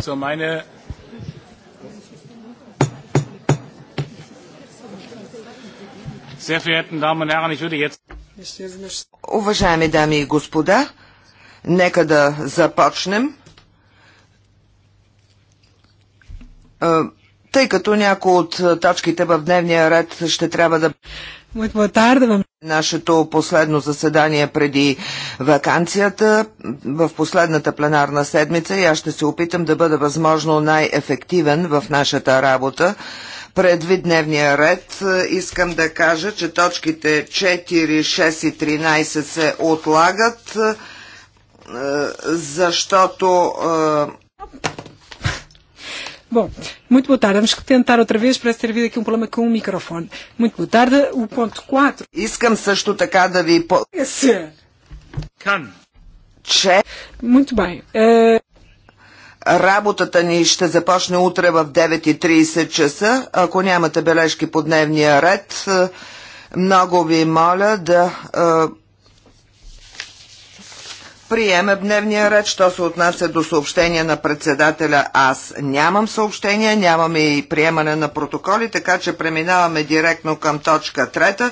So meine sehr verehrten Damen und Herren, ich würde jetzt Уважаеми дами и господа, нека да започнем. Е, тъй като някои от точките в дневния ред ще трябва да... Muito boa tarde, нашето последно заседание преди вакансията в последната пленарна седмица и аз ще се опитам да бъда възможно най-ефективен в нашата работа. Предвид дневния ред искам да кажа, че точките 4, 6 и 13 се отлагат, е, защото е, Bom, muito boa tarde. Vamos tentar outra vez, parece ter havido aqui um problema com o microfone. Muito boa tarde. O ponto 4. Искам също така да ви... Esse. Can. Muito bem. Uh... Работата ни ще започне утре в 9.30 часа. Ако нямате бележки по дневния ред, много ви моля да приеме дневния ред, що се отнася до съобщения на председателя. Аз нямам съобщения, нямаме и приемане на протоколи, така че преминаваме директно към точка трета.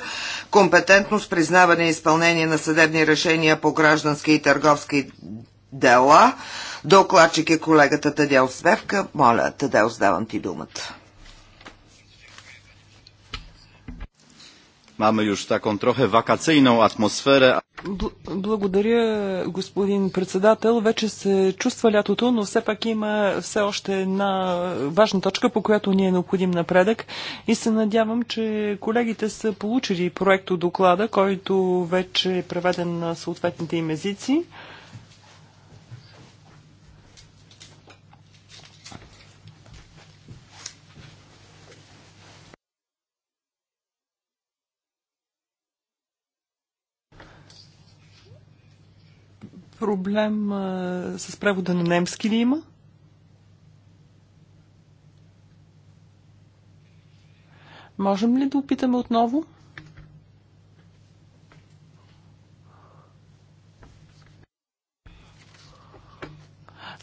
Компетентност, признаване и изпълнение на съдебни решения по граждански и търговски дела. Докладчик е колегата Тадел Свевка. Моля, Тадел, сдавам ти думата. Mamy юж taką трохе вакацийно атмосфера. Благодаря, господин председател. Вече се чувства лятото, но все пак има все още една важна точка, по която ни е необходим напредък. И се надявам, че колегите са получили проекто доклада, който вече е преведен на съответните им езици. Проблем а, с превода на немски ли има? Можем ли да опитаме отново?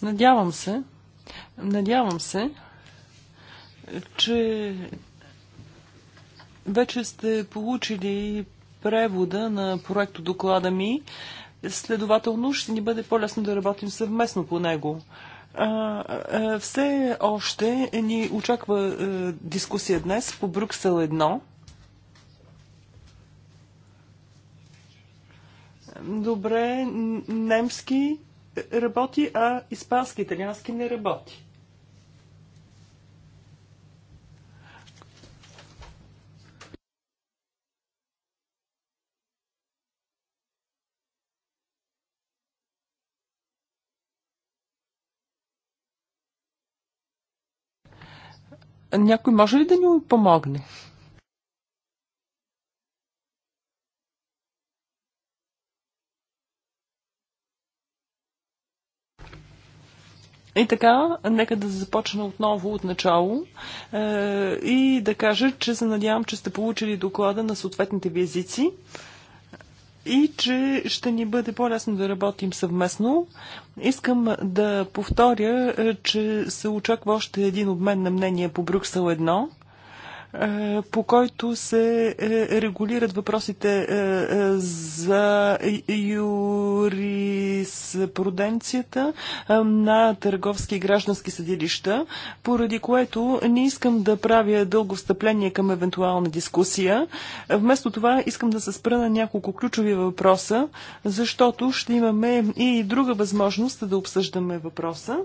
Надявам се, надявам се, че вече сте получили превода на проекто доклада ми. Следователно ще ни бъде по-лесно да работим съвместно по него. Все още ни очаква дискусия днес по Брюксел 1. Добре, немски работи, а испански, италиански не работи. Някой може ли да ни помогне? И така, нека да започна отново от начало е, и да кажа, че се надявам, че сте получили доклада на съответните ви езици и че ще ни бъде по-лесно да работим съвместно. Искам да повторя, е, че се очаква още един обмен на мнение по Брюксел 1. Е, по който се е, регулират въпросите е, за юриспруденцията на търговски и граждански съдилища, поради което не искам да правя дълго встъпление към евентуална дискусия. Вместо това искам да се спра на няколко ключови въпроса, защото ще имаме и друга възможност да обсъждаме въпроса.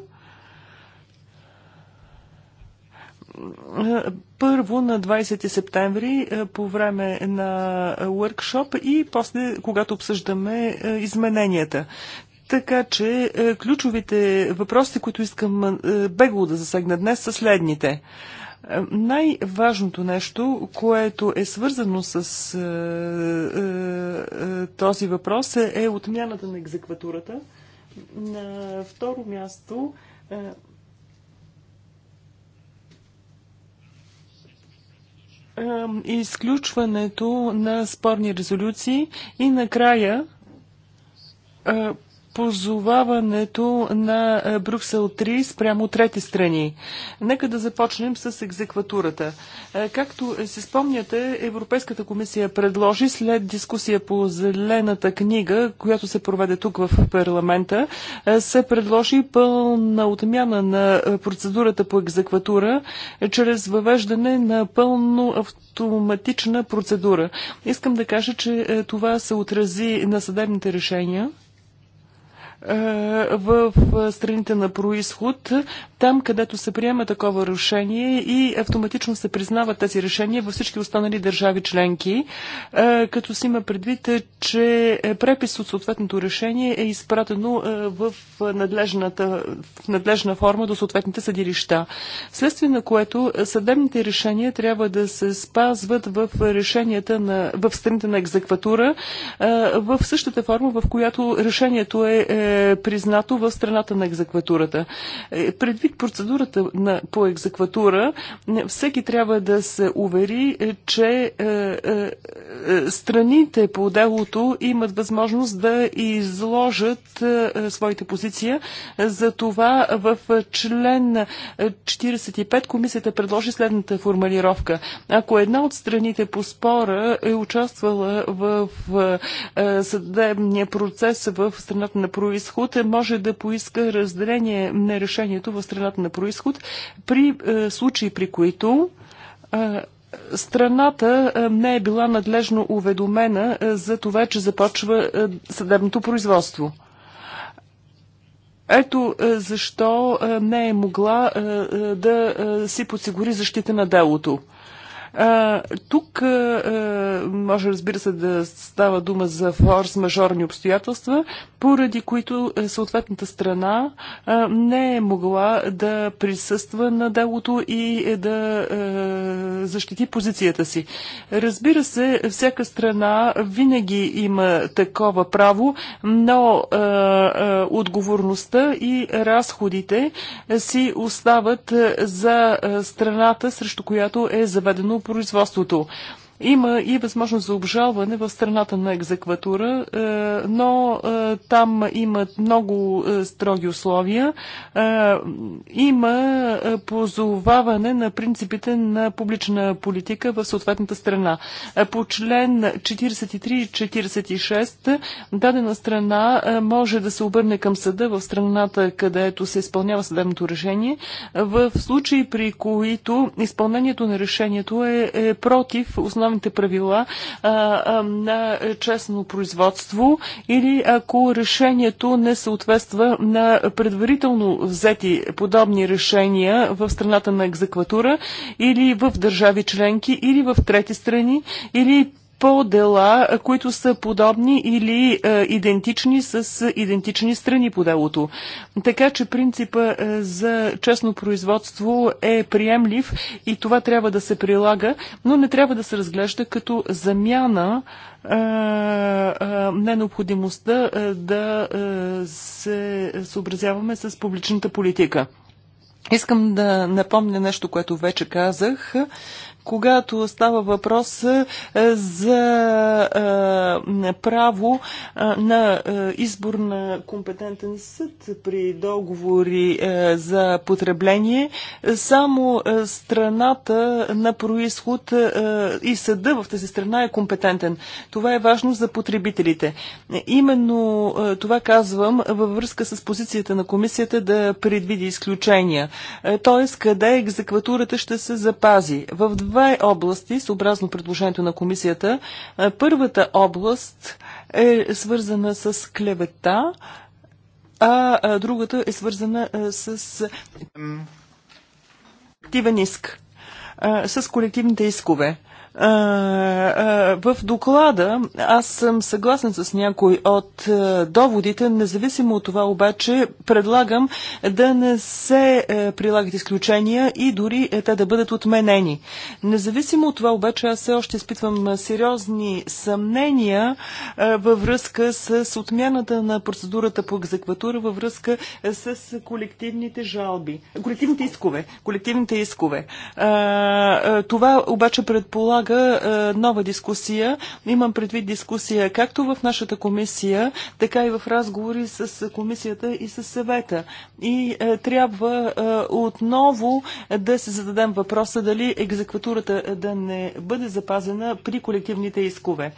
първо на 20 септември е, по време на workshop и после, когато обсъждаме е, измененията. Така че е, ключовите въпроси, които искам бегло да засегна днес, са следните. Най-важното нещо, което е свързано с е, е, този въпрос е, е отмяната на екзекватурата. На второ място е, изключването на спорни резолюции и накрая позоваването на е, Брюксел 3 спрямо трети страни. Нека да започнем с екзекватурата. Е, както се спомняте, Европейската комисия предложи след дискусия по зелената книга, която се проведе тук в парламента, е, се предложи пълна отмяна на процедурата по екзекватура чрез въвеждане на пълно автоматична процедура. Искам да кажа, че това се отрази на съдебните решения е, в страните на происход там, където се приема такова решение и автоматично се признават тези решения във всички останали държави членки, е, като си има предвид, е, че е, препис от съответното решение е изпратено в, надлежната, в надлежна форма до съответните съдилища. Вследствие на което съдебните решения трябва да се спазват в решенията на, в страните на екзекватура в същата форма, в която решението е признато в страната на екзекватурата. Предвид предвид процедурата на, по екзекватура, всеки трябва да се увери, е, че е, е, е, страните по делото имат възможност да изложат е, е своите позиция. За това в член 45 комисията предложи следната формулировка. Ако една от страните по спора е участвала в е, съдебния процес в страната на происход, може да поиска разделение на решението в страната страната на происход при е, случаи, при които е, страната е, не е била надлежно уведомена за това, че започва съдебното производство. Ето защо не е могла да си подсигури защита на делото. Тук може, разбира се, да става дума за форс-мажорни обстоятелства, поради които е, съответната страна не е могла да присъства на делото и е, да защити позицията си. Разбира се, всяка страна винаги има такова право, но отговорността и разходите е, си остават за страната, срещу която е заведено производството. Има и възможност за обжалване в страната на екзекватура, е, но е, там имат много е, строги условия. Има позоваване на принципите на публична политика в съответната страна. По член 43 и 46 дадена страна може да се обърне към съда в страната, където се изпълнява съдебното решение, в случаи при които изпълнението на решението е против основната основните правила на честно производство или ако решението не съответства на предварително взети подобни решения в страната на екзекватура или в държави членки или в трети страни или по дела, които са подобни или идентични с идентични страни по делото. Така че принципа за честно производство е приемлив и това трябва да се прилага, но не трябва да се разглежда като замяна на необходимостта да се съобразяваме с публичната политика. Искам да напомня нещо, което вече казах когато става въпрос е, за е, право е, на избор на компетентен съд при договори за потребление, само страната на происход и съда в тази страна е компетентен. Това е важно за потребителите. Именно това казвам във връзка с позицията на комисията да предвиди изключения. Тоест, къде екзекватурата ще се запази. В две области, съобразно предложението на комисията. Е, първата област е свързана с клевета, а другата е свързана е, с активен иск, е, с колективните искове. В доклада аз съм съгласен с някой от доводите, независимо от това обаче предлагам да не се прилагат изключения и дори те да бъдат отменени. Независимо от това обаче аз все още изпитвам сериозни съмнения във връзка с отмяната на процедурата по екзекватура, във връзка с колективните жалби, колективните искове. Колективните искове. Това обаче предполага предлага е, нова дискусия. Имам предвид дискусия както в нашата комисия, така и в разговори с комисията и с съвета. И е, трябва е, отново да се зададем въпроса дали екзекватурата да не бъде запазена при колективните искове.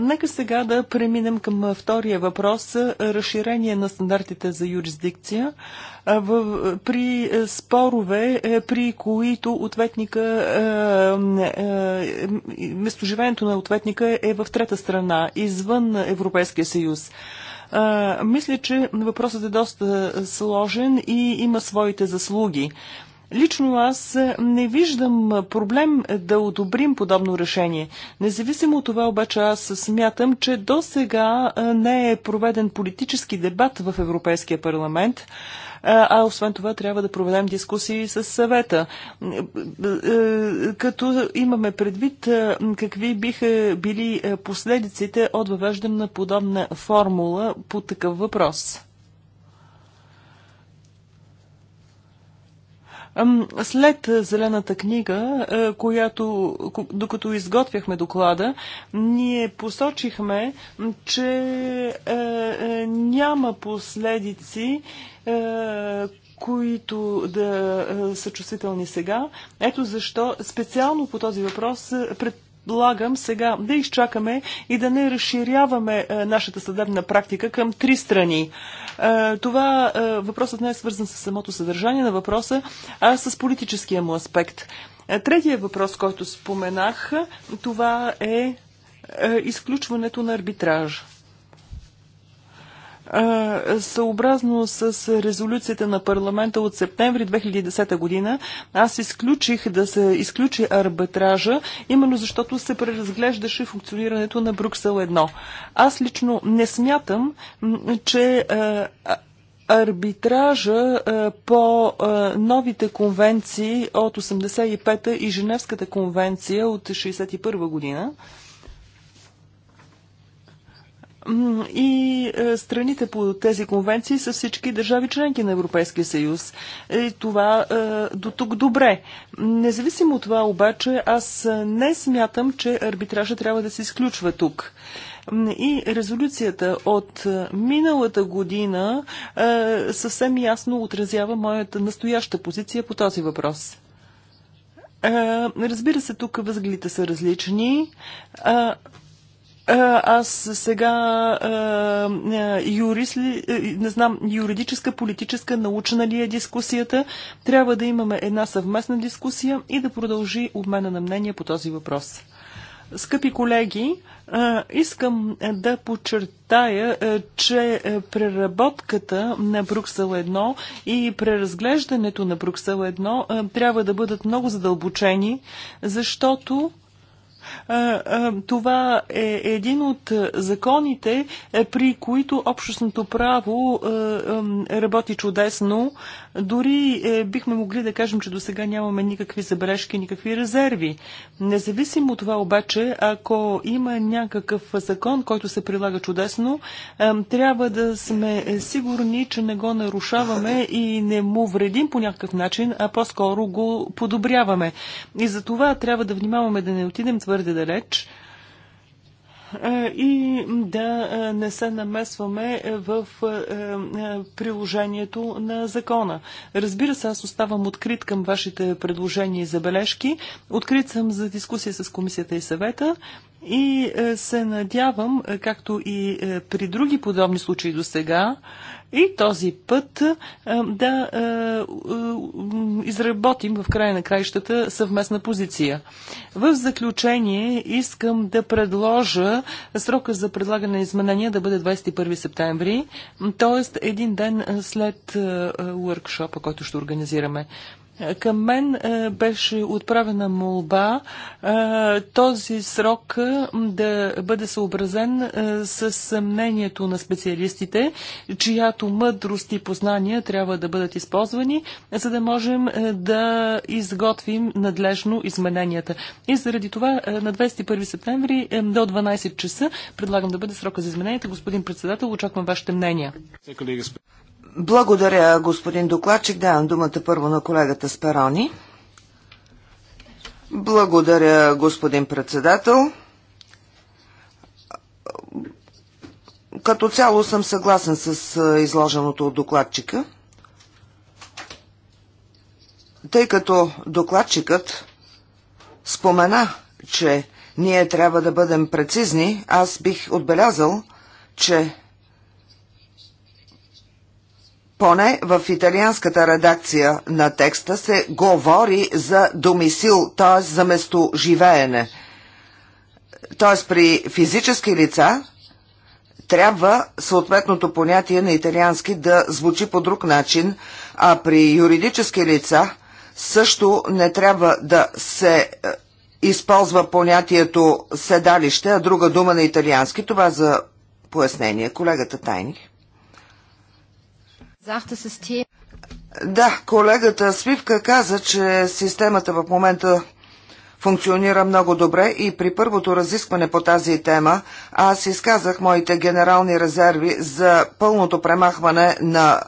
Нека сега да преминем към втория въпрос разширение на стандартите за юрисдикция при спорове, при които ответника местоживението на ответника е в трета страна, извън Европейския съюз. А, мисля, че въпросът е доста сложен и има своите заслуги. Лично аз не виждам проблем да одобрим подобно решение. Независимо от това обаче аз смятам, че до сега не е проведен политически дебат в Европейския парламент а освен това трябва да проведем дискусии с съвета. Е, е, като имаме предвид е, какви биха били последиците от въвеждане на подобна формула по такъв въпрос. След Зелената книга, която, докато изготвяхме доклада, ние посочихме, че няма последици, които да са чувствителни сега. Ето защо специално по този въпрос пред предлагам сега да изчакаме и да не разширяваме е, нашата съдебна практика към три страни. Е, това е, въпросът не е свързан с самото съдържание на въпроса, а с политическия му аспект. Третия въпрос, който споменах, това е изключването на арбитраж. Съобразно с резолюцията на парламента от септември 2010 година, аз изключих да се изключи арбитража, именно защото се преразглеждаше функционирането на Брюксел 1. Аз лично не смятам, че арбитража по новите конвенции от 85-та и Женевската конвенция от 61 година, и е, страните по тези конвенции са всички държави членки на Европейския съюз. И това е, до тук добре. Независимо от това обаче, аз не смятам, че арбитража трябва да се изключва тук. И резолюцията от е, миналата година съвсем ясно отразява моята настояща позиция по този въпрос. Разбира се, тук възгледите са различни. Аз сега юрис ли, не знам, юридическа, политическа, научна ли е дискусията. Трябва да имаме една съвместна дискусия и да продължи обмена на мнение по този въпрос. Скъпи колеги, искам да подчертая, че преработката на Бруксел 1 и преразглеждането на Бруксел 1 трябва да бъдат много задълбочени, защото това е един от законите, е, при които общностното право е, е, работи чудесно. Дори бихме могли да кажем, че до сега нямаме никакви забележки, никакви резерви. Независимо от това обаче, ако има някакъв закон, който се прилага чудесно, трябва да сме сигурни, че не го нарушаваме и не му вредим по някакъв начин, а по-скоро го подобряваме. И за това трябва да внимаваме да не отидем твърде далеч и да не се намесваме в приложението на закона. Разбира се, аз оставам открит към вашите предложения и забележки. Открит съм за дискусия с комисията и съвета и се надявам, както и при други подобни случаи до сега, и този път е, да е, е, изработим в края на краищата съвместна позиция. В заключение искам да предложа срока за предлагане на изменения да бъде 21 септември, т.е. един ден след уркшопа, който ще организираме. Към мен е, беше отправена молба е, този срок е, да бъде съобразен с мнението на специалистите, чиято мъдрост и познания трябва да бъдат използвани, за да можем да изготвим надлежно измененията. И заради това на 21 септември до 12 часа предлагам да бъде срока за измененията. Господин председател, очаквам вашите мнения. Благодаря, господин докладчик. Давам думата първо на колегата Сперони. Благодаря, господин председател. Като цяло съм съгласен с изложеното от докладчика, тъй като докладчикът спомена, че ние трябва да бъдем прецизни, аз бих отбелязал, че поне в италианската редакция на текста се говори за домисил, т.е. за местоживеене. Т.е. при физически лица трябва съответното понятие на италиански да звучи по друг начин, а при юридически лица също не трябва да се е, използва понятието седалище, а друга дума на италиански. Това за пояснение. Колегата Тайних. Да, колегата Свивка каза, че системата в момента функционира много добре и при първото разискване по тази тема аз изказах моите генерални резерви за пълното премахване на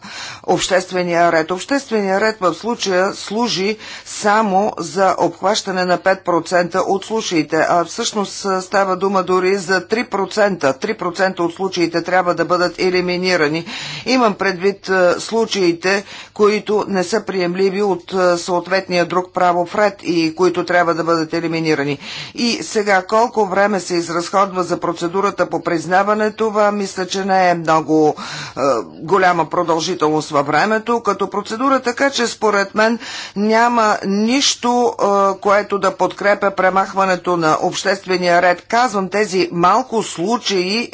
обществения ред. Обществения ред в случая служи само за обхващане на 5% от случаите, а всъщност става дума дори за 3%. 3% от случаите трябва да бъдат елиминирани. Имам предвид е, случаите, които не са приемливи от е, съответния друг правов ред и които трябва да бъдат бъдат елиминирани. И сега колко време се изразходва за процедурата по признаване, това мисля, че не е много е, голяма продължителност във времето като процедура, така че според мен няма нищо, е, което да подкрепя премахването на обществения ред. Казвам тези малко случаи е,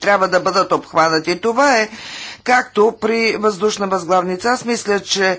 трябва да бъдат обхванати. Това е както при въздушна възглавница. Аз мисля, че е,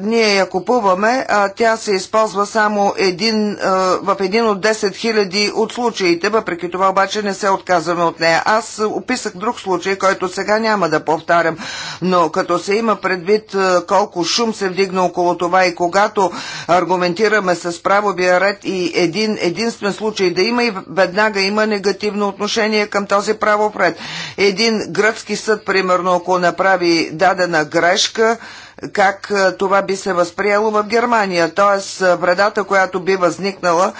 ние я купуваме, а тя се използва само един, е, в един от 10 000 от случаите, въпреки това обаче не се отказваме от нея. Аз описах друг случай, който сега няма да повтарям, но като се има предвид е, колко шум се вдигна около това и когато аргументираме с правовия ред и един единствен случай да има и веднага има негативно отношение към този правов ред. Един гръцки съд, примерно, примерно ако направи дадена грешка, как това би се възприело в Германия. Т.е. вредата, която би възникнала,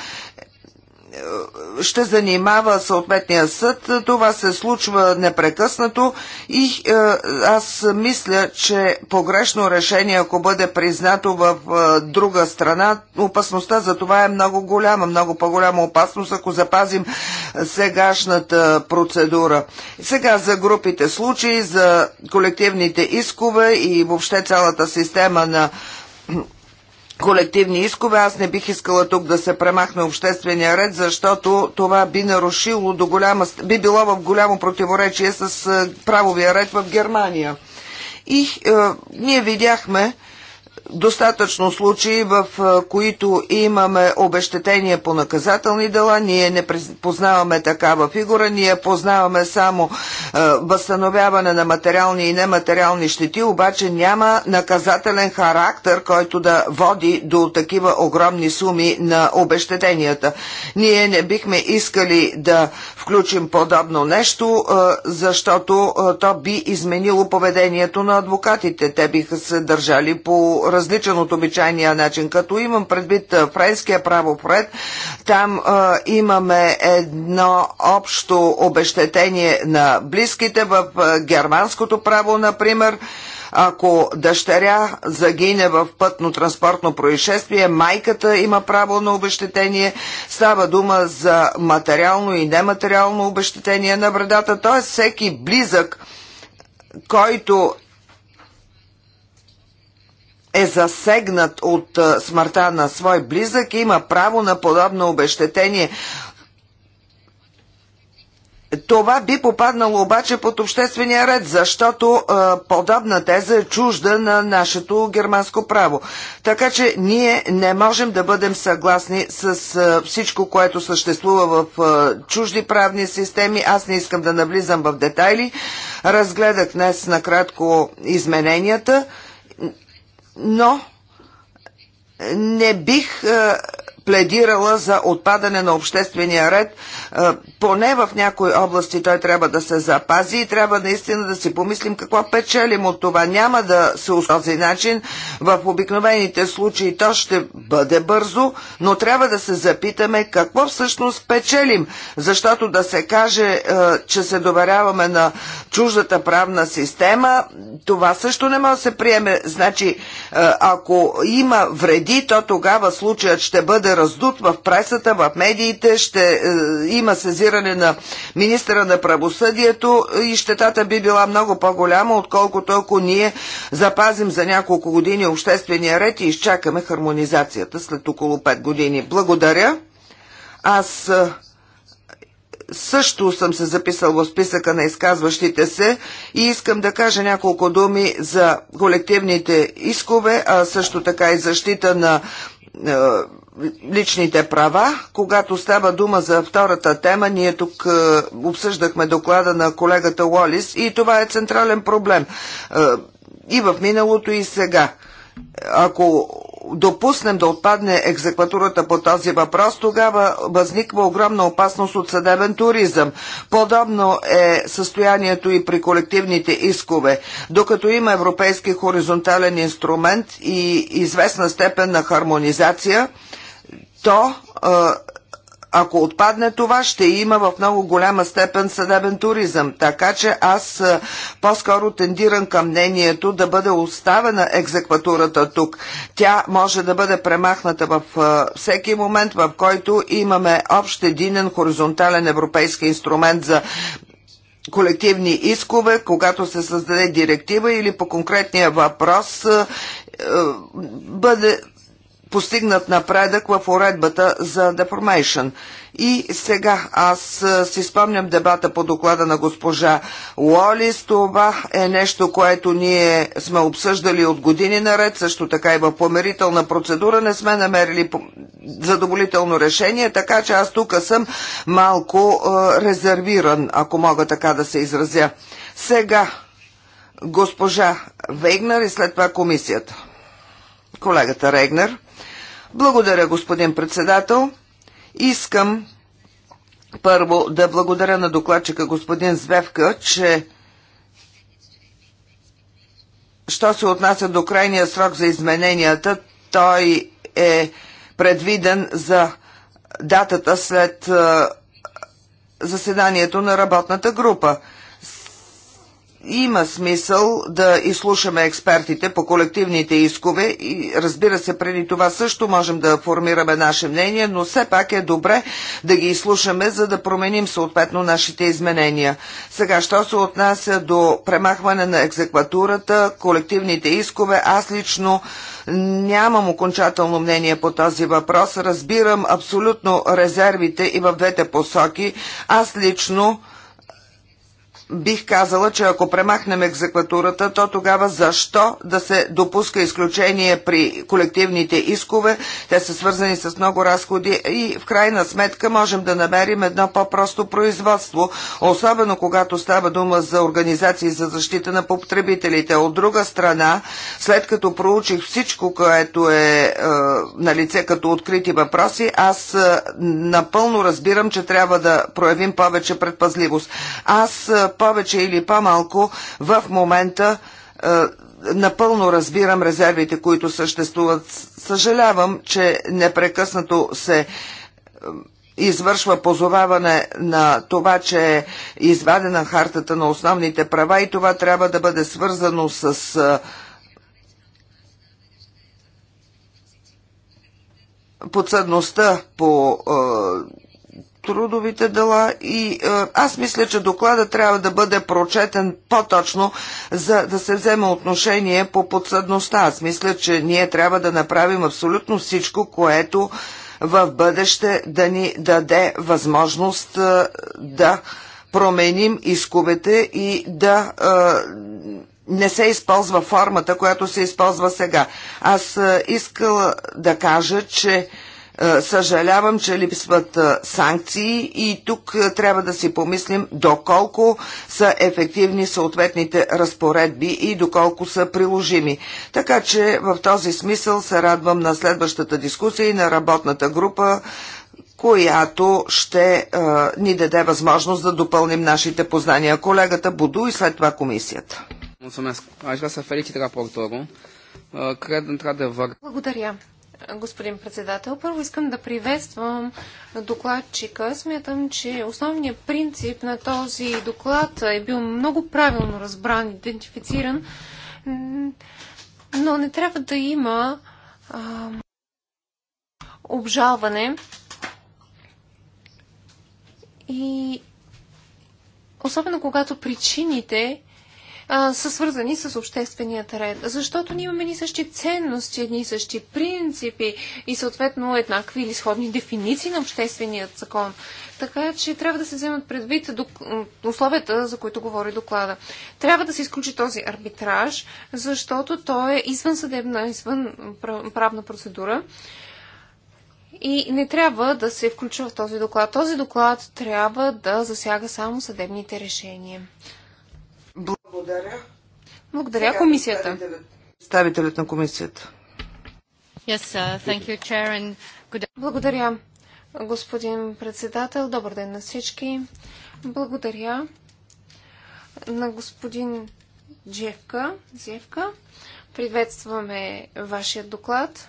ще занимава съответния съд. Това се случва непрекъснато и е, аз мисля, че погрешно решение, ако бъде признато в е, друга страна, опасността за това е много голяма, много по-голяма опасност, ако запазим сегашната процедура. Сега за групите случаи, за колективните искове и въобще цялата система на колективни искове. Аз не бих искала тук да се премахне обществения ред, защото това би нарушило до голяма, би било в голямо противоречие с правовия ред в Германия. И е, ние видяхме, достатъчно случаи, в които имаме обещетение по наказателни дела. Ние не познаваме такава фигура, ние познаваме само възстановяване на материални и нематериални щети, обаче няма наказателен характер, който да води до такива огромни суми на обещетенията. Ние не бихме искали да включим подобно нещо, защото то би изменило поведението на адвокатите. Те биха се държали по различен от обичайния начин. Като имам предвид френския правопред, там а, имаме едно общо обещетение на близките в германското право, например. Ако дъщеря загине в пътно-транспортно происшествие, майката има право на обещетение. Става дума за материално и нематериално обещетение на вредата. Т.е. всеки близък, който е засегнат от смъртта на свой близък, има право на подобно обещетение. Това би попаднало обаче под обществения ред, защото а, подобна теза е чужда на нашето германско право. Така че ние не можем да бъдем съгласни с а, всичко, което съществува в а, чужди правни системи. Аз не искам да навлизам в детайли. Разгледах днес накратко измененията но не бих пледирала за отпадане на обществения ред. Поне в някои области той трябва да се запази и трябва наистина да си помислим какво печелим от това. Няма да се този начин. В обикновените случаи то ще бъде бързо, но трябва да се запитаме какво всъщност печелим, защото да се каже, че се доверяваме на чуждата правна система, това също не може да се приеме. Значи, ако има вреди, то тогава случаят ще бъде бъде раздут в пресата, в медиите, ще е, има сезиране на министра на правосъдието и щетата би била много по-голяма, отколкото ако ние запазим за няколко години обществения ред и изчакаме хармонизацията след около 5 години. Благодаря. Аз е, също съм се записал в списъка на изказващите се и искам да кажа няколко думи за колективните искове, а също така и защита на е, личните права. Когато става дума за втората тема, ние тук е, обсъждахме доклада на колегата Уолис и това е централен проблем. Е, и в миналото, и сега. Ако допуснем да отпадне екзекватурата по този въпрос, тогава възниква огромна опасност от съдебен туризъм. Подобно е състоянието и при колективните искове. Докато има европейски хоризонтален инструмент и известна степен на хармонизация, то ако отпадне това, ще има в много голяма степен съдебен туризъм. Така че аз по-скоро тендирам към мнението да бъде оставена екзекватурата тук. Тя може да бъде премахната в всеки момент, в който имаме общ единен хоризонтален европейски инструмент за колективни искове, когато се създаде директива или по конкретния въпрос бъде постигнат напредък в уредбата за деформейшн. И сега аз си спомням дебата по доклада на госпожа Лолис. Това е нещо, което ние сме обсъждали от години наред, също така и в померителна процедура не сме намерили задоволително решение, така че аз тук съм малко е, резервиран, ако мога така да се изразя. Сега госпожа Вегнер и след това комисията. Колегата Регнер. Благодаря, господин председател. Искам първо да благодаря на докладчика господин Звевка, че що се отнася до крайния срок за измененията, той е предвиден за датата след заседанието на работната група има смисъл да изслушаме експертите по колективните искове и разбира се, преди това също можем да формираме наше мнение, но все пак е добре да ги изслушаме, за да променим съответно нашите изменения. Сега, що се отнася до премахване на екзекватурата, колективните искове, аз лично Нямам окончателно мнение по този въпрос. Разбирам абсолютно резервите и в двете посоки. Аз лично бих казала, че ако премахнем екзекватурата, то тогава защо да се допуска изключение при колективните искове? Те са свързани с много разходи и в крайна сметка можем да намерим едно по-просто производство, особено когато става дума за организации за защита на потребителите. От друга страна, след като проучих всичко, което е, е на лице като открити въпроси, аз е, напълно разбирам, че трябва да проявим повече предпазливост. Аз е, повече или по-малко в момента е, напълно разбирам резервите, които съществуват. Съжалявам, че непрекъснато се е, извършва позоваване на това, че е извадена хартата на основните права и това трябва да бъде свързано с е, подсъдността по трудовите дела и е, аз мисля, че доклада трябва да бъде прочетен по-точно, за да се вземе отношение по подсъдността. Аз мисля, че ние трябва да направим абсолютно всичко, което в бъдеще да ни даде възможност е, да променим изкубите и да е, не се използва формата, която се използва сега. Аз искала да кажа, че е, съжалявам, че липсват е, санкции и тук е, трябва да си помислим доколко са ефективни съответните разпоредби и доколко са приложими. Така че в този смисъл се радвам на следващата дискусия и на работната група, която ще а, ни даде възможност да допълним нашите познания. Колегата Буду и след това комисията. Благодаря господин председател. Първо искам да приветствам докладчика. Смятам, че основният принцип на този доклад е бил много правилно разбран, идентифициран, но не трябва да има а, обжалване. И особено когато причините а, са свързани с общественият ред. Защото ние имаме ни същи ценности, едни същи принципи и съответно еднакви или сходни дефиниции на общественият закон. Така че трябва да се вземат предвид условията, за които говори доклада. Трябва да се изключи този арбитраж, защото той е извън съдебна, извън правна процедура и не трябва да се включва в този доклад. Този доклад трябва да засяга само съдебните решения. Благодаря. Благодаря комисията. Представителят на комисията. Yes, uh, thank you, chair, and good... Благодаря, господин председател. Добър ден на всички. Благодаря на господин Джевка. Приветстваме вашия доклад.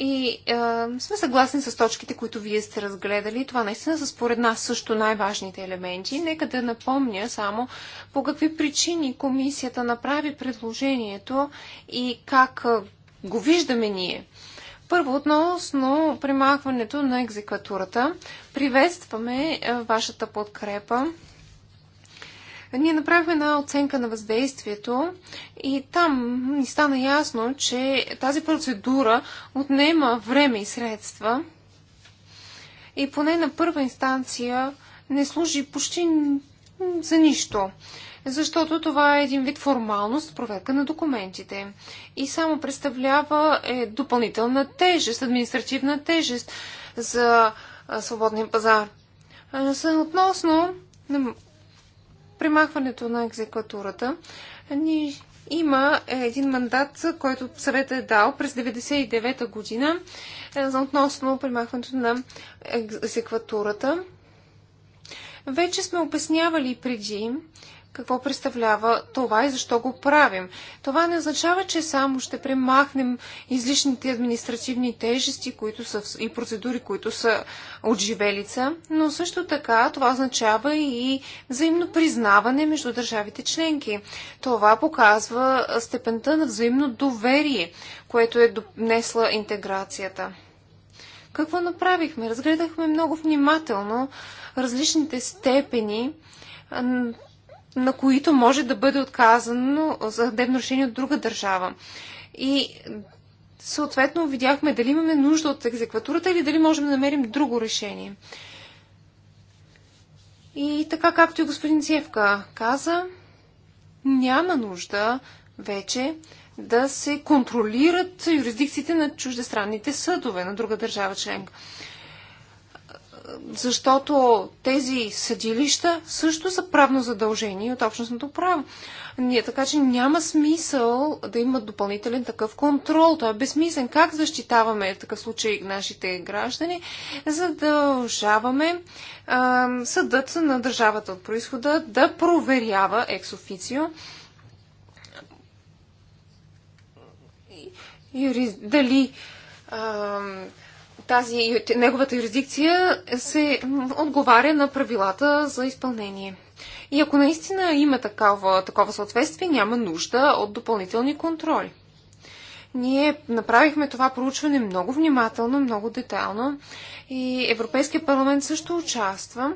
И е, сме съгласни с точките, които вие сте разгледали. Това наистина са според нас също най-важните елементи. Нека да напомня само по какви причини комисията направи предложението и как е, го виждаме ние. Първо, относно примахването на екзекватурата, приветстваме е, вашата подкрепа ние направихме една оценка на въздействието и там ни стана ясно, че тази процедура отнема време и средства и поне на първа инстанция не служи почти за нищо. Защото това е един вид формалност, проверка на документите. И само представлява е, допълнителна тежест, административна тежест за свободния пазар. Относно премахването на екзекватурата ни има е, един мандат, който съветът е дал през 1999 година е, относно премахването на екзекватурата. Вече сме обяснявали преди, какво представлява това и защо го правим. Това не означава, че само ще премахнем излишните административни тежести които са, и процедури, които са от живелица, но също така това означава и взаимно признаване между държавите членки. Това показва степента на взаимно доверие, което е донесла интеграцията. Какво направихме? Разгледахме много внимателно различните степени на които може да бъде отказано съдебно решение от друга държава. И съответно видяхме дали имаме нужда от екзекватурата или дали можем да намерим друго решение. И така както и господин Цевка каза, няма нужда вече да се контролират юрисдикциите на чуждестранните съдове на друга държава членка защото тези съдилища също са правно задължени от общностното право. Ние, така че няма смисъл да имат допълнителен такъв контрол. Той е безсмислен. Как защитаваме в такъв случай нашите граждани? Задължаваме а, съдът на държавата от происхода да проверява екс-официо дали а, тази, неговата юрисдикция се отговаря на правилата за изпълнение. И ако наистина има такова, такова съответствие, няма нужда от допълнителни контроли. Ние направихме това проучване много внимателно, много детайлно и Европейския парламент също участва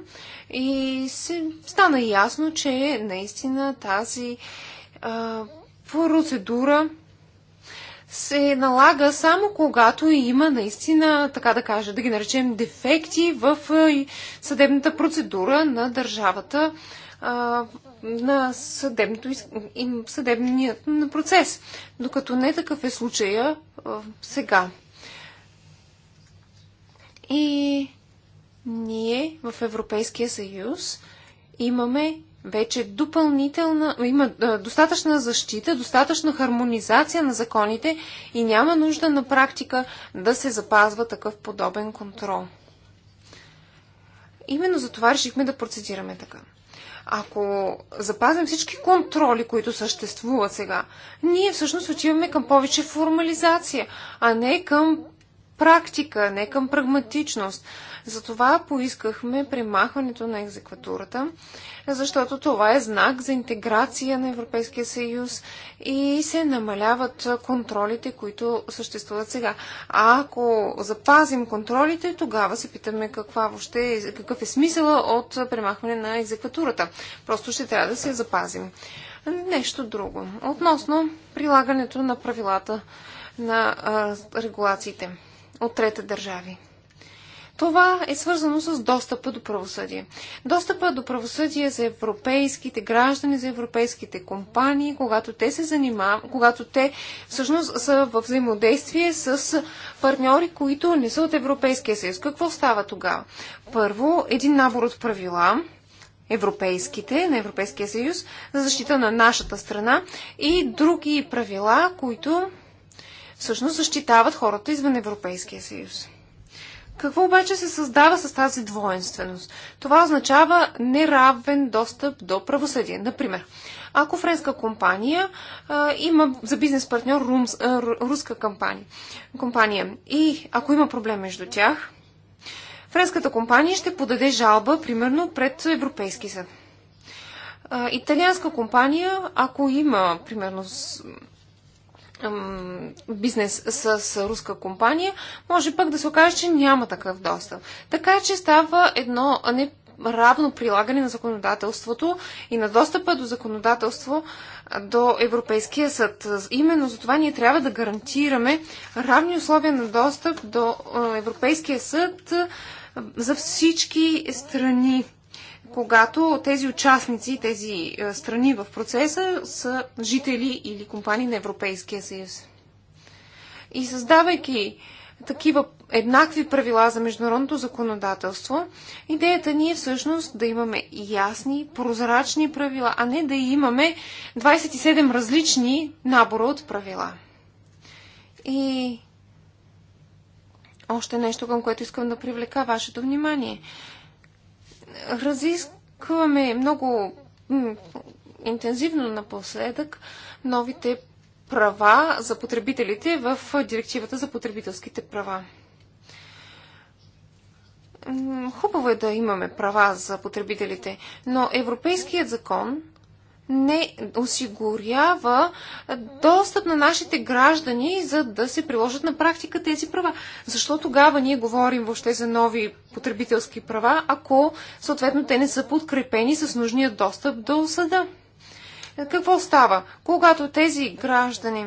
и се стана ясно, че наистина тази а, процедура се налага само когато има наистина, така да кажа, да ги наречем дефекти в съдебната процедура на държавата, на съдебното, съдебният процес. Докато не такъв е случая сега. И ние в Европейския съюз имаме вече допълнителна, има достатъчна защита, достатъчна хармонизация на законите и няма нужда на практика да се запазва такъв подобен контрол. Именно за това решихме да процедираме така. Ако запазим всички контроли, които съществуват сега, ние всъщност отиваме към повече формализация, а не към практика, не към прагматичност. Затова поискахме премахването на екзекватурата, защото това е знак за интеграция на Европейския съюз и се намаляват контролите, които съществуват сега. А ако запазим контролите, тогава се питаме каква въобще, е, какъв е смисъла от премахване на екзекватурата. Просто ще трябва да се запазим. Нещо друго. Относно прилагането на правилата на а, регулациите от трета държави. Това е свързано с достъпа до правосъдие. Достъпа до правосъдие за европейските граждани, за европейските компании, когато те се занимават, когато те всъщност са в взаимодействие с партньори, които не са от Европейския съюз. Какво става тогава? Първо, един набор от правила, европейските, на Европейския съюз, за защита на нашата страна и други правила, които всъщност защитават хората извън Европейския съюз. Какво обаче се създава с тази двоенственост? Това означава неравен достъп до правосъдие. Например, ако френска компания а, има за бизнес партньор румс, а, руска компания, компания и ако има проблем между тях, френската компания ще подаде жалба, примерно, пред Европейски съд. А, италианска компания, ако има, примерно, с, бизнес с руска компания, може пък да се окаже, че няма такъв достъп. Така че става едно не равно прилагане на законодателството и на достъпа до законодателство до Европейския съд. Именно за това ние трябва да гарантираме равни условия на достъп до Европейския съд за всички страни когато тези участници, тези е, страни в процеса са жители или компании на Европейския съюз. И създавайки такива еднакви правила за международното законодателство, идеята ни е всъщност да имаме ясни, прозрачни правила, а не да имаме 27 различни набора от правила. И още нещо, към което искам да привлека вашето внимание – разискваме много интензивно напоследък новите права за потребителите в директивата за потребителските права. Хубаво е да имаме права за потребителите, но Европейският закон не осигурява достъп на нашите граждани, за да се приложат на практика тези права. Защо тогава ние говорим въобще за нови потребителски права, ако съответно те не са подкрепени с нужния достъп до съда? Какво става? Когато тези граждани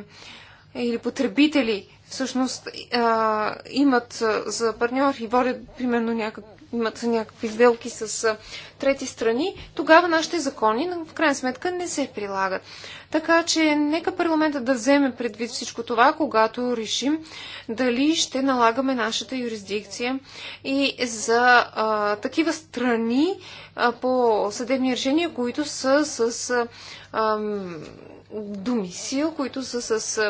или потребители всъщност а, имат за партньор и водят, примерно, някак, имат някакви сделки с а, трети страни, тогава нашите закони в крайна сметка не се прилагат. Така че нека парламента да вземе предвид всичко това, когато решим дали ще налагаме нашата юрисдикция и за а, такива страни а, по съдебни решения, които са с. А, думи сил, които са с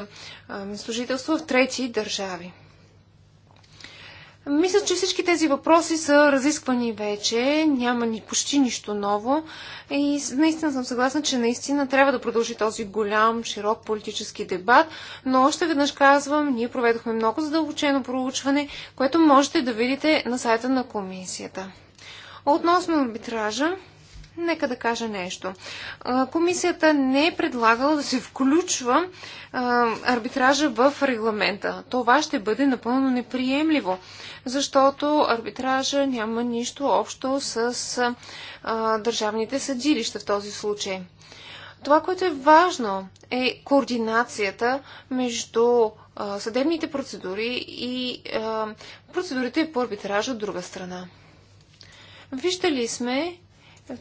ами, служителство в трети държави. Мисля, че всички тези въпроси са разисквани вече, няма ни почти нищо ново и наистина съм съгласна, че наистина трябва да продължи този голям, широк политически дебат, но още веднъж казвам, ние проведохме много задълбочено проучване, което можете да видите на сайта на комисията. Относно арбитража, нека да кажа нещо. Комисията не е предлагала да се включва арбитража в регламента. Това ще бъде напълно неприемливо, защото арбитража няма нищо общо с държавните съдилища в този случай. Това, което е важно, е координацията между съдебните процедури и процедурите по арбитража от друга страна. Виждали сме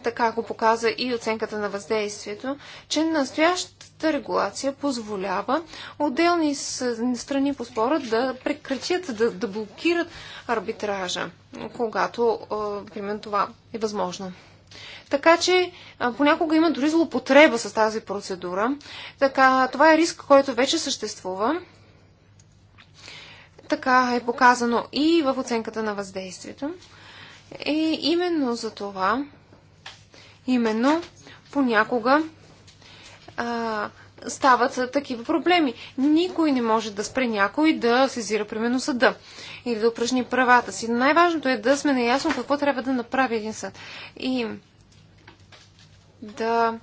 така го показа и оценката на въздействието, че настоящата регулация позволява отделни страни по спора да прекратят, да, да блокират арбитража, когато, примерно, това е възможно. Така че понякога има дори злопотреба с тази процедура. Така, това е риск, който вече съществува. Така е показано и в оценката на въздействието. И именно за това Именно понякога а, стават такива проблеми. Никой не може да спре някой да сезира, примерно, съда или да упражни правата си. Най-важното е да сме наясно какво трябва да направи един съд. И да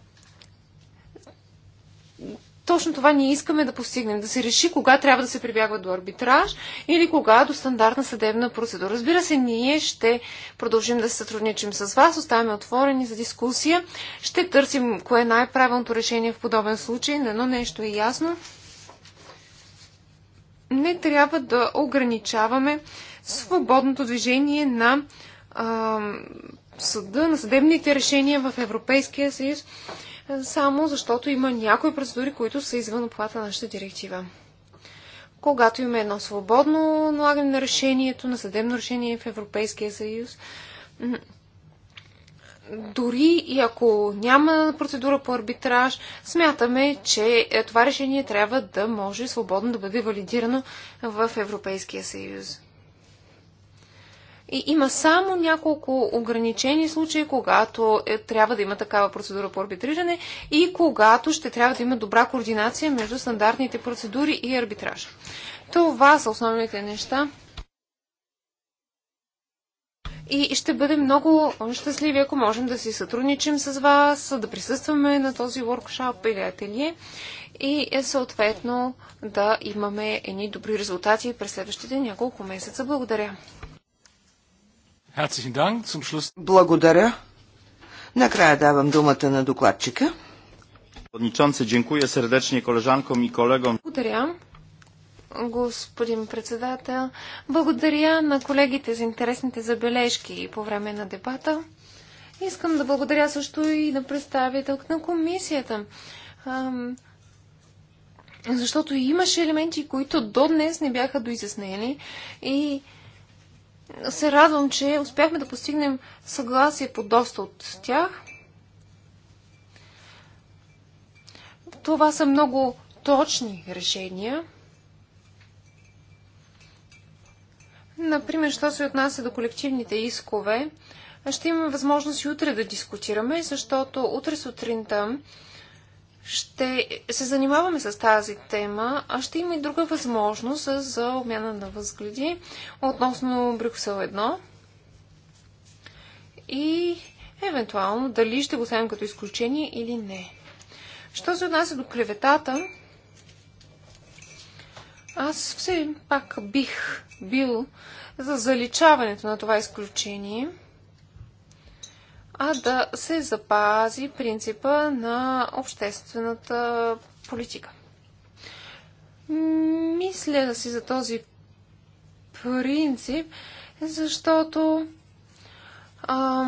точно това ние искаме да постигнем, да се реши кога трябва да се прибягва до арбитраж или кога до стандартна съдебна процедура. Разбира се, ние ще продължим да се сътрудничим с вас, оставаме отворени за дискусия, ще търсим кое е най-правилното решение в подобен случай, но едно нещо е ясно. Не трябва да ограничаваме свободното движение на а, съда, на съдебните решения в Европейския съюз само защото има някои процедури, които са извън оплата на нашата директива. Когато има едно свободно налагане на решението, на съдебно решение в Европейския съюз, дори и ако няма процедура по арбитраж, смятаме, че е, това решение трябва да може свободно да бъде валидирано в Европейския съюз. И има само няколко ограничени случаи, когато е, трябва да има такава процедура по арбитриране и когато ще трябва да има добра координация между стандартните процедури и арбитраж. Това са основните неща. И ще бъдем много щастливи, ако можем да си сътрудничим с вас, да присъстваме на този воркшоп или ателие и е съответно да имаме едни добри резултати през следващите няколко месеца. Благодаря! Благодаря. Накрая давам думата на докладчика. Благодаря, господин председател. Благодаря на колегите за интересните забележки по време на дебата. Искам да благодаря също и на представител на комисията. Защото имаше елементи, които до днес не бяха доизяснени и се радвам, че успяхме да постигнем съгласие по доста от тях. Това са много точни решения. Например, що се отнася до колективните искове, ще имаме възможност и утре да дискутираме, защото утре сутринта ще се занимаваме с тази тема, а ще има и друга възможност за обмяна на възгледи относно Брюксел 1 и евентуално дали ще го вземем като изключение или не. Що се отнася до клеветата, аз все пак бих бил за заличаването на това изключение – а да се запази принципа на обществената политика. Мисля си за този принцип, защото а,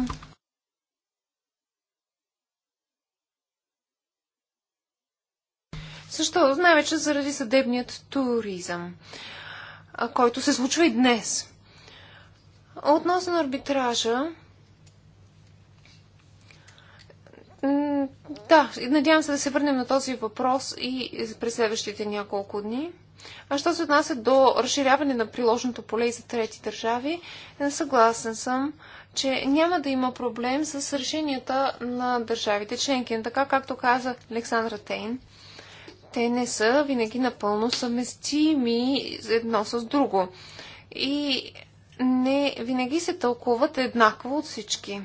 Защо? Най-вече заради съдебният туризъм, който се случва и днес. Относно арбитража, Да, надявам се да се върнем на този въпрос и през следващите няколко дни. А що се отнася до разширяване на приложното поле и за трети държави, е, съгласен съм, че няма да има проблем с решенията на държавите членки. Така както каза Александра Тейн, те не са винаги напълно съвместими едно с друго. И не винаги се тълкуват еднакво от всички.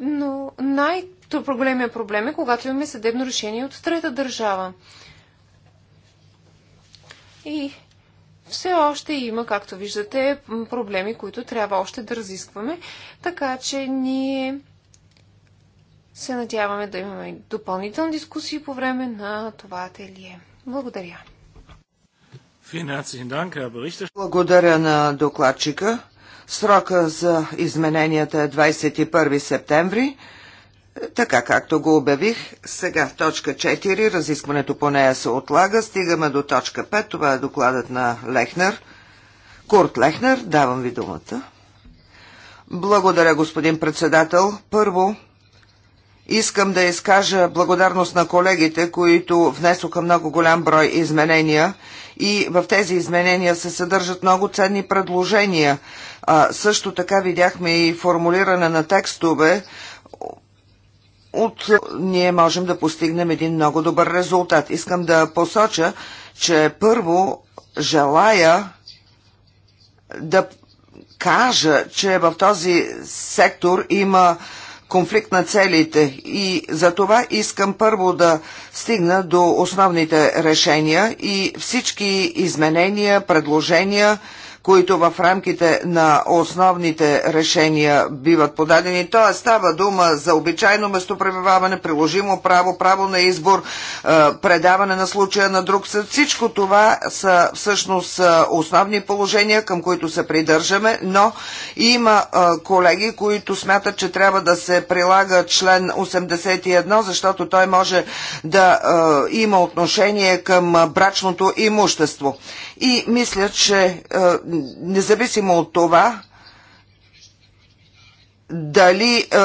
Но най-големия проблем е, когато имаме съдебно решение от трета държава. И все още има, както виждате, проблеми, които трябва още да разискваме, така че ние се надяваме да имаме допълнителни дискусии по време на това ателие. Благодаря. Благодаря на докладчика. Срока за измененията е 21 септември. Така както го обявих, сега в точка 4 разискването по нея се отлага. Стигаме до точка 5. Това е докладът на Лехнер. Курт Лехнер, давам ви думата. Благодаря, господин председател. Първо, Искам да изкажа благодарност на колегите, които внесоха много голям брой изменения и в тези изменения се съдържат много ценни предложения. А, също така видяхме и формулиране на текстове, от ние можем да постигнем един много добър резултат. Искам да посоча, че първо желая да кажа, че в този сектор има конфликт на целите и за това искам първо да стигна до основните решения и всички изменения, предложения, които в рамките на основните решения биват подадени. Т.е. става дума за обичайно местопребиваване, приложимо право, право на избор, е, предаване на случая на друг съд. Всичко това са всъщност е, основни положения, към които се придържаме, но има е, колеги, които смятат, че трябва да се прилага член 81, защото той може да има отношение към брачното имущество. И мисля, че независимо от това, дали е,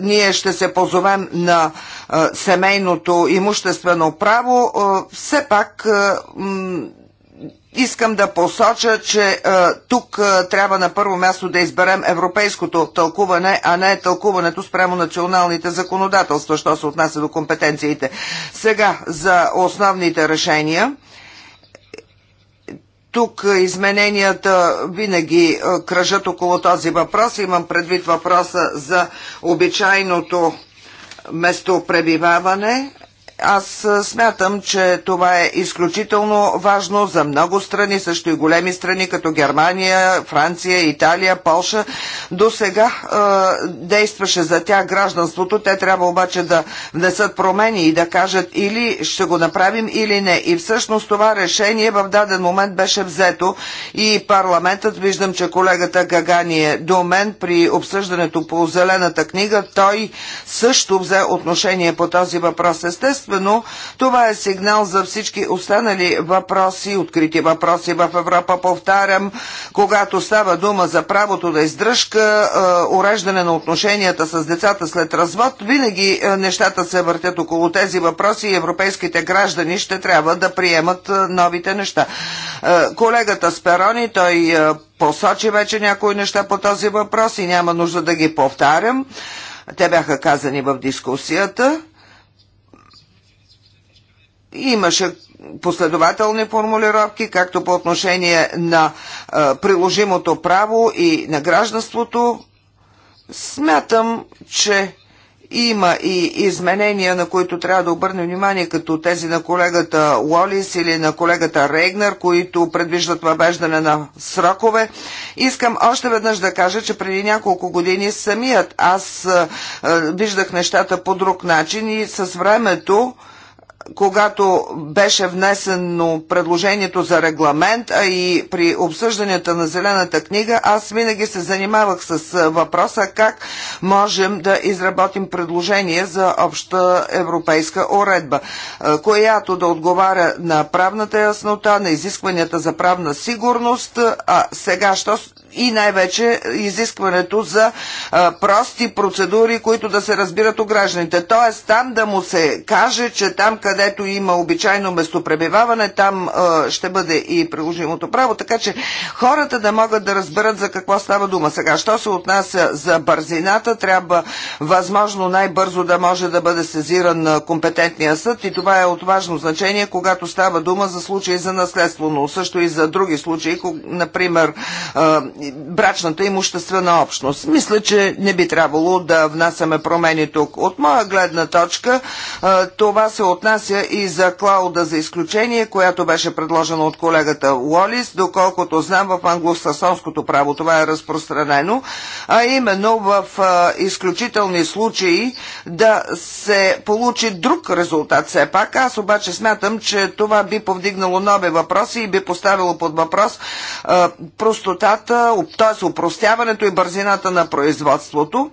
ние ще се позовем на е, семейното имуществено право, е, все пак е, м, искам да посоча, че е, тук е, трябва на първо място да изберем европейското тълкуване, а не тълкуването спрямо националните законодателства, що се отнася до компетенциите. Сега за основните решения. Тук измененията винаги кръжат около този въпрос. Имам предвид въпроса за обичайното местопребиваване. Аз смятам, че това е изключително важно за много страни, също и големи страни, като Германия, Франция, Италия, Полша. До сега е, действаше за тях гражданството, те трябва обаче да внесат промени и да кажат или ще го направим или не. И всъщност това решение в даден момент беше взето и парламентът, виждам, че колегата Гагани е до мен при обсъждането по зелената книга, той също взе отношение по този въпрос. Естествено, Естествено, това е сигнал за всички останали въпроси, открити въпроси в Европа. Повтарям, когато става дума за правото да издръжка, е, уреждане на отношенията с децата след развод, винаги е, нещата се въртят около тези въпроси и европейските граждани ще трябва да приемат е, новите неща. Колегата Сперони, той посочи вече някои неща по този въпрос и няма нужда да ги повтарям. Те бяха казани в дискусията. Имаше последователни формулировки, както по отношение на а, приложимото право и на гражданството. Смятам, че има и изменения, на които трябва да обърнем внимание, като тези на колегата Лолис или на колегата Регнер, които предвиждат въвеждане на срокове. Искам още веднъж да кажа, че преди няколко години самият аз виждах нещата по друг начин и с времето когато беше внесено предложението за регламент, а и при обсъжданията на Зелената книга, аз винаги се занимавах с въпроса как можем да изработим предложение за обща европейска уредба, която да отговаря на правната яснота, на изискванията за правна сигурност, а сега, що и най-вече изискването за прости процедури, които да се разбират у гражданите. Тоест там да му се каже, че там където има обичайно местопребиваване, там ще бъде и приложимото право, така че хората да могат да разберат за какво става дума. Сега, що се отнася за бързината, трябва възможно най-бързо да може да бъде сезиран компетентния съд и това е от важно значение, когато става дума за случаи за наследство, но също и за други случаи, например брачната имуществена общност. Мисля, че не би трябвало да внасяме промени тук. От моя гледна точка това се отнася и за клауда за изключение, която беше предложена от колегата Уолис, доколкото знам в англосасонското право това е разпространено, а именно в изключителни случаи да се получи друг резултат все пак. Аз обаче смятам, че това би повдигнало нови въпроси и би поставило под въпрос простотата, т.е. упростяването и бързината на производството.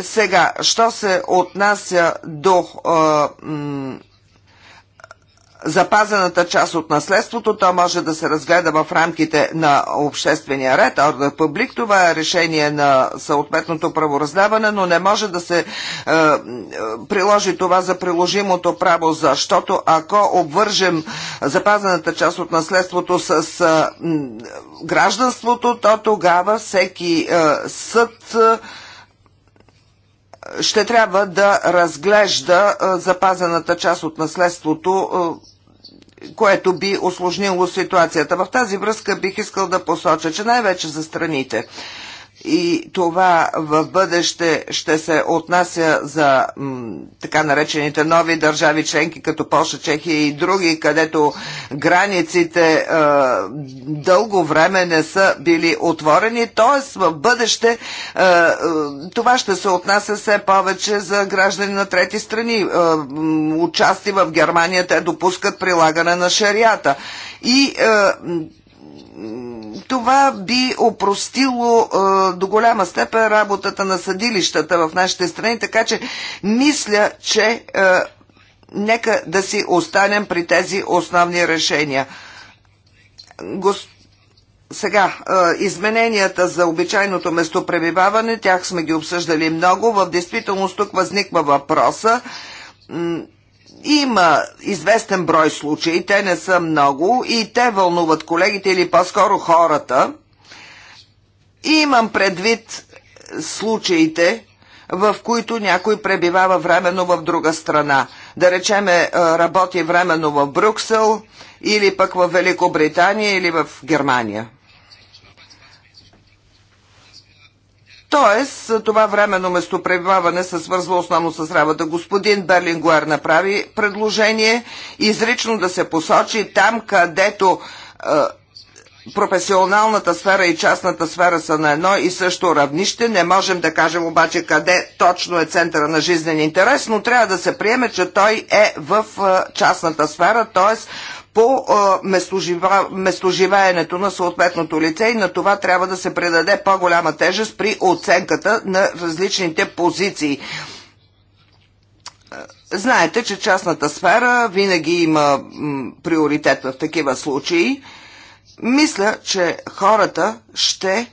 Сега, що се отнася до а, м, запазената част от наследството, то може да се разгледа в рамките на обществения ред, орда публик, това е решение на съответното правораздаване, но не може да се е, приложи това за приложимото право, защото ако обвържем запазената част от наследството с е, гражданството, то тогава всеки е, съд е, ще трябва да разглежда запазената част от наследството, което би осложнило ситуацията. В тази връзка бих искал да посоча, че най-вече за страните, и това в бъдеще ще се отнася за м, така наречените нови държави членки, като Польша, Чехия и други, където границите е, дълго време не са били отворени, т.е. в бъдеще е, е, това ще се отнася все повече за граждани на трети страни. Е, участи в Германия те допускат прилагане на шарията. И е, това би опростило е, до голяма степен работата на съдилищата в нашите страни, така че мисля, че е, нека да си останем при тези основни решения. сега, е, измененията за обичайното местопребиваване, тях сме ги обсъждали много. В действителност тук възниква въпроса има известен брой случаи, те не са много и те вълнуват колегите или по-скоро хората. И имам предвид случаите, в които някой пребивава временно в друга страна. Да речеме, работи временно в Брюксел или пък в Великобритания или в Германия. Тоест, това временно местопребиваване се свързва основно с работа. Господин Берлингуер направи предложение изрично да се посочи там, където е, професионалната сфера и частната сфера са на едно и също равнище. Не можем да кажем обаче къде точно е центъра на жизнен интерес, но трябва да се приеме, че той е в е, частната сфера, тоест по местожива, местоживеенето на съответното лице и на това трябва да се предаде по-голяма тежест при оценката на различните позиции. Знаете, че частната сфера винаги има приоритет в такива случаи. Мисля, че хората ще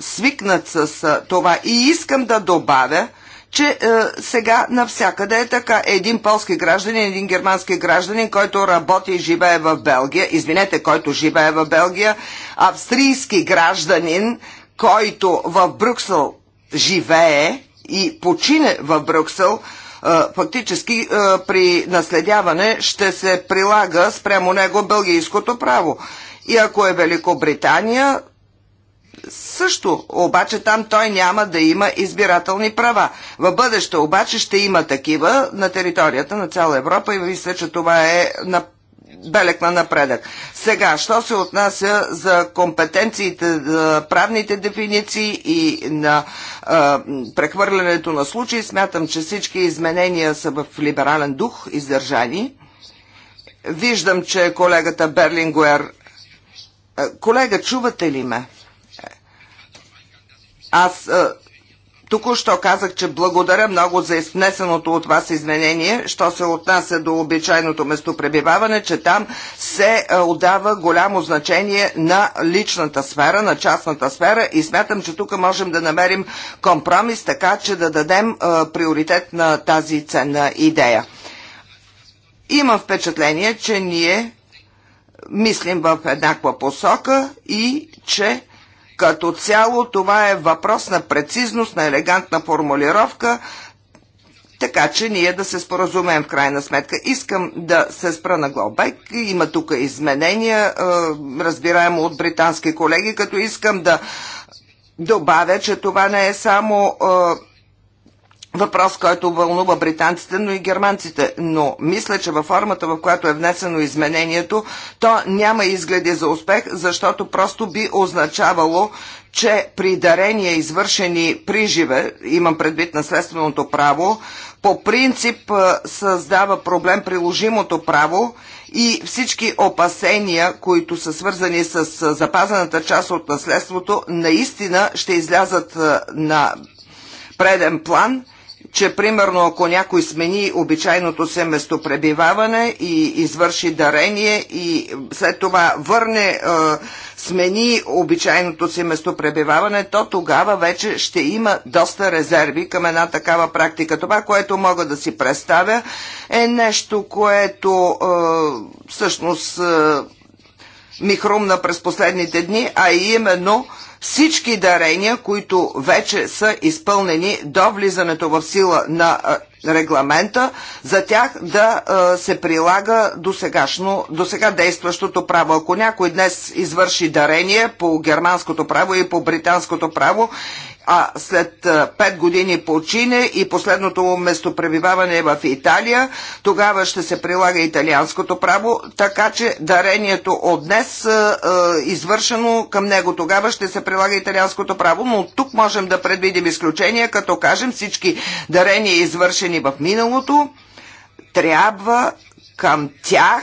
свикнат с това. И искам да добавя, че е, сега навсякъде е така. Един полски гражданин, един германски гражданин, който работи и живее в Белгия, извинете, който живее в Белгия, австрийски гражданин, който в Брюксел живее и почине в Брюксел, е, фактически е, при наследяване ще се прилага спрямо него бългийското право. И ако е Великобритания, също, обаче там той няма да има избирателни права. В бъдеще обаче ще има такива на територията на цяла Европа и мисля, че това е на белек на напредък. Сега, що се отнася за компетенциите, за правните дефиниции и на а, прехвърлянето на случаи, смятам, че всички изменения са в либерален дух, издържани. Виждам, че колегата Берлингуер... Колега, чувате ли ме? Аз е, Току-що казах, че благодаря много за изнесеното от вас изменение, що се отнася до обичайното местопребиваване, че там се е, отдава голямо значение на личната сфера, на частната сфера и смятам, че тук можем да намерим компромис, така че да дадем е, приоритет на тази ценна идея. Имам впечатление, че ние мислим в еднаква посока и че като цяло това е въпрос на прецизност, на елегантна формулировка, така че ние да се споразумеем в крайна сметка. Искам да се спра на Глобек. Има тук изменения, е, разбираемо от британски колеги, като искам да добавя, че това не е само е, въпрос, който вълнува британците, но и германците. Но мисля, че във формата, в която е внесено изменението, то няма изгледи за успех, защото просто би означавало, че при дарения, извършени при живе, имам предвид наследственото право, по принцип създава проблем приложимото право и всички опасения, които са свързани с запазената част от наследството, наистина ще излязат на преден план – че примерно ако някой смени обичайното се местопребиваване и извърши дарение и след това върне, е, смени обичайното си местопребиваване, то тогава вече ще има доста резерви към една такава практика. Това, което мога да си представя, е нещо, което е, всъщност е, ми хрумна през последните дни, а именно е, всички дарения, които вече са изпълнени до влизането в сила на регламента, за тях да се прилага до, до сега действащото право. Ако някой днес извърши дарение по германското право и по британското право а след пет години почине и последното му местопребиваване е в Италия, тогава ще се прилага италианското право, така че дарението от днес, е, извършено към него тогава, ще се прилага италианското право, но тук можем да предвидим изключения, като кажем всички дарения, извършени в миналото, трябва към тях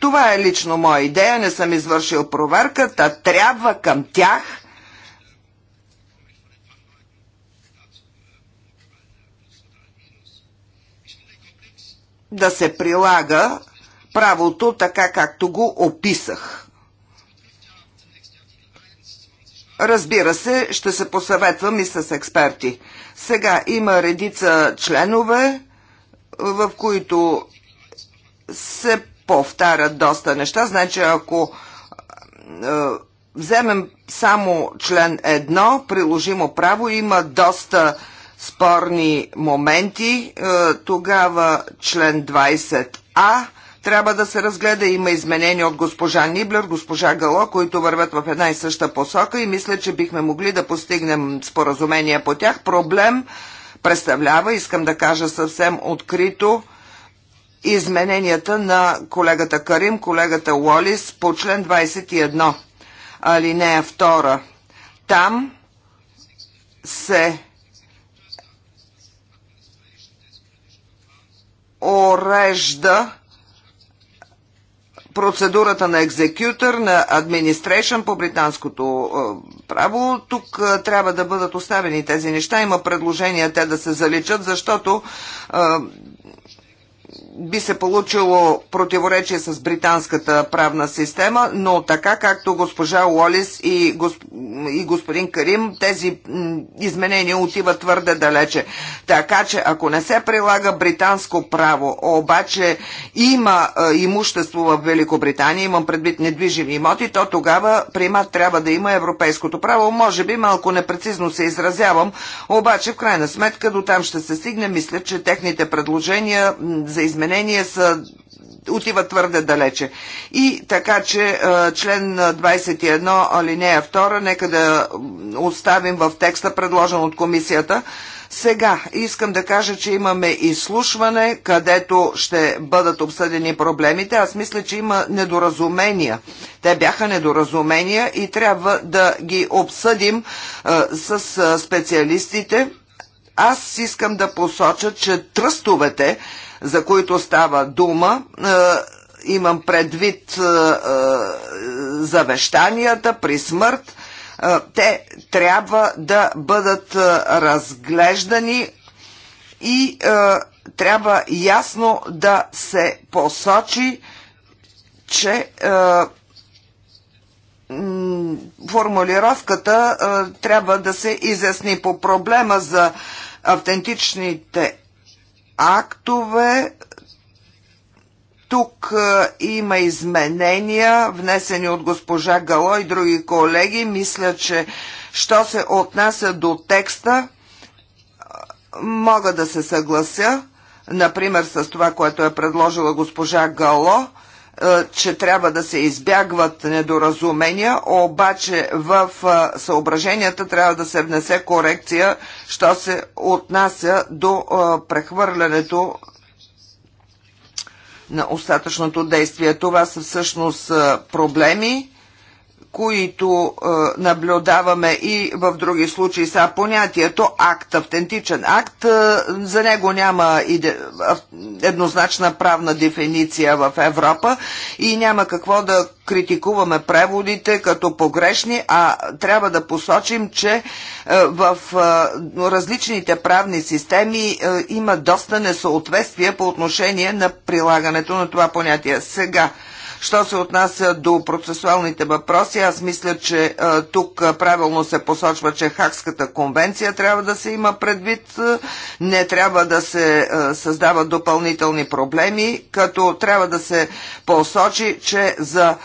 това е лично моя идея, не съм извършил проверка, та трябва към тях да се прилага правото така както го описах. Разбира се, ще се посъветвам и с експерти. Сега има редица членове, в които се повтарят доста неща. Значи, ако е, вземем само член едно, приложимо право, има доста спорни моменти, е, тогава член 20а трябва да се разгледа. Има изменения от госпожа Ниблер, госпожа Гало, които върват в една и съща посока и мисля, че бихме могли да постигнем споразумение по тях. Проблем представлява, искам да кажа съвсем открито, измененията на колегата Карим, колегата Уолис по член 21, алинея 2. Там се орежда процедурата на екзекютър, на администрейшън по британското е, право. Тук е, трябва да бъдат оставени тези неща. Има предложения те да се заличат, защото е, би се получило противоречие с британската правна система, но така както госпожа Уолис и, госп... и господин Карим, тези изменения отиват твърде далече. Така че ако не се прилага британско право, обаче има а, имущество в Великобритания, имам предвид недвижими имоти, то тогава примат трябва да има европейското право. Може би малко непрецизно се изразявам, обаче в крайна сметка до там ще се стигне. Мисля, че техните предложения за изменения изменения са отива твърде далече. И така, че член 21 алинея 2, нека да оставим в текста, предложен от комисията. Сега искам да кажа, че имаме изслушване, където ще бъдат обсъдени проблемите. Аз мисля, че има недоразумения. Те бяха недоразумения и трябва да ги обсъдим а, с специалистите. Аз искам да посоча, че тръстовете, за които става дума, е, имам предвид е, е, завещанията при смърт, те трябва да бъдат разглеждани и трябва ясно да се посочи, че формулировката трябва да се изясни по проблема за автентичните актове. Тук има изменения, внесени от госпожа Гало и други колеги. Мисля, че що се отнася до текста, мога да се съглася, например, с това, което е предложила госпожа Гало – е, че трябва да се избягват недоразумения, обаче в е, съображенията трябва да се внесе корекция, що се отнася до е, прехвърлянето на остатъчното действие. Това са всъщност проблеми, които е, наблюдаваме и в други случаи са понятието акт, автентичен акт. Е, за него няма иде, еднозначна правна дефиниция в Европа и няма какво да критикуваме преводите като погрешни, а трябва да посочим, че е, в е, различните правни системи е, има доста несъответствия по отношение на прилагането на това понятие. Сега, Що се отнася до процесуалните въпроси, аз мисля, че тук правилно се посочва, че Хакската конвенция трябва да се има предвид, не трябва да се създават допълнителни проблеми, като трябва да се посочи, че за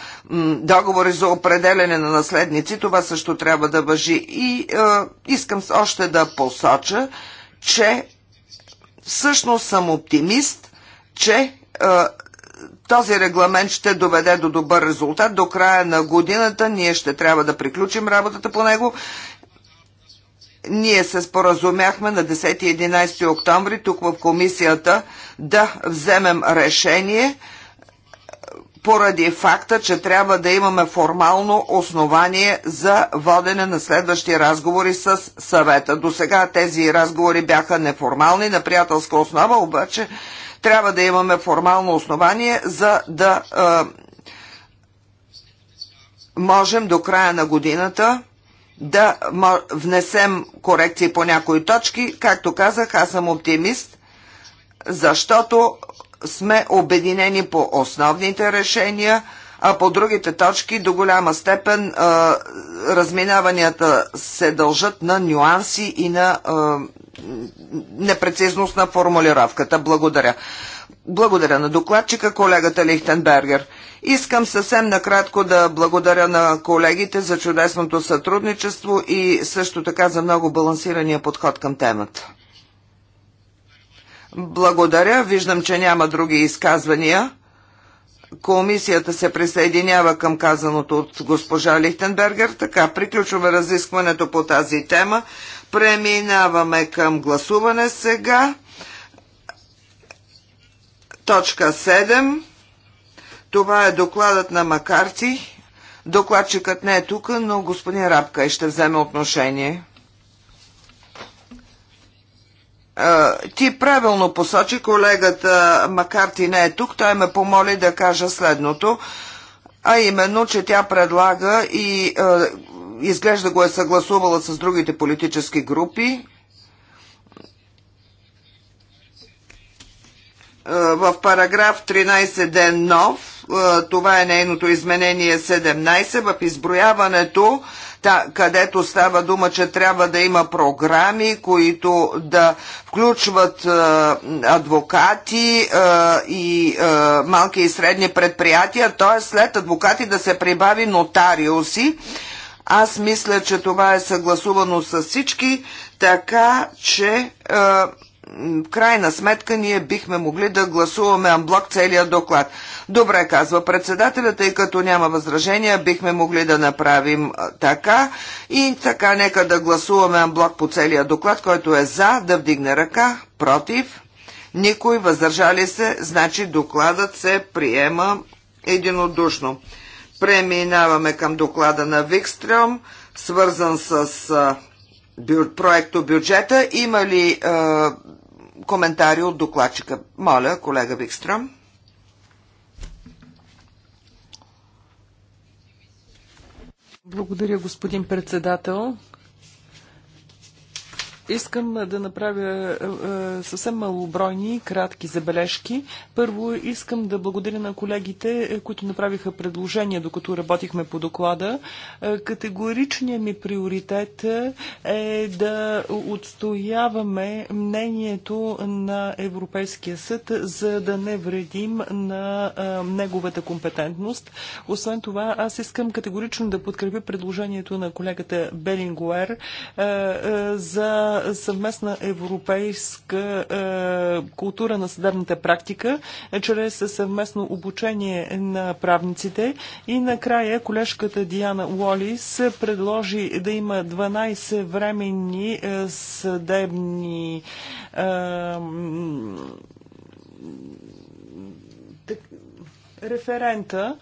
договори за определене на наследници, това също трябва да въжи. И искам още да посоча, че всъщност съм оптимист, че този регламент ще доведе до добър резултат. До края на годината ние ще трябва да приключим работата по него. Ние се споразумяхме на 10-11 октомври тук в комисията да вземем решение поради факта, че трябва да имаме формално основание за водене на следващи разговори с съвета. До сега тези разговори бяха неформални, на приятелска основа, обаче трябва да имаме формално основание, за да можем до края на годината да внесем корекции по някои точки. Както казах, аз съм оптимист, защото сме обединени по основните решения, а по другите точки до голяма степен а, разминаванията се дължат на нюанси и на а, непрецизност на формулировката. Благодаря. Благодаря на докладчика, колегата Лихтенбергер. Искам съвсем накратко да благодаря на колегите за чудесното сътрудничество и също така за много балансирания подход към темата. Благодаря. Виждам, че няма други изказвания. Комисията се присъединява към казаното от госпожа Лихтенбергер. Така приключва разискването по тази тема. Преминаваме към гласуване сега. Точка 7. Това е докладът на Макарти. Докладчикът не е тук, но господин и ще вземе отношение. Ти правилно посочи, колегата Макарти не е тук, той ме помоли да кажа следното, а именно, че тя предлага и изглежда го е съгласувала с другите политически групи. Е, в параграф 13 ден нов, е, това е нейното изменение 17, в изброяването, та, където става дума, че трябва да има програми, които да включват е, адвокати и малки и средни предприятия, т.е. след адвокати да се прибави нотариуси. Аз мисля, че това е съгласувано с всички, така че е, в крайна сметка ние бихме могли да гласуваме амблок целият доклад. Добре, казва председателя, тъй като няма възражения, бихме могли да направим така и така нека да гласуваме амблок по целия доклад, който е за, да вдигне ръка, против, никой въздържали се, значи докладът се приема единодушно. Преминаваме към доклада на Викстрем, свързан с бю, проекто бюджета. Има ли е, коментари от докладчика? Моля, колега Викстрем. Благодаря, господин председател. Искам да направя съвсем малобройни, кратки забележки. Първо искам да благодаря на колегите, е, които направиха предложения, докато работихме по доклада. Категоричният ми приоритет е да отстояваме мнението на Европейския съд, за да не вредим на неговата компетентност. Освен това, аз искам категорично да подкрепя предложението на колегата Белингуер за съвместна европейска е, култура на съдебната практика, е, чрез съвместно обучение на правниците. И накрая колежката Диана Уолис предложи да има 12 временни е, съдебни референта,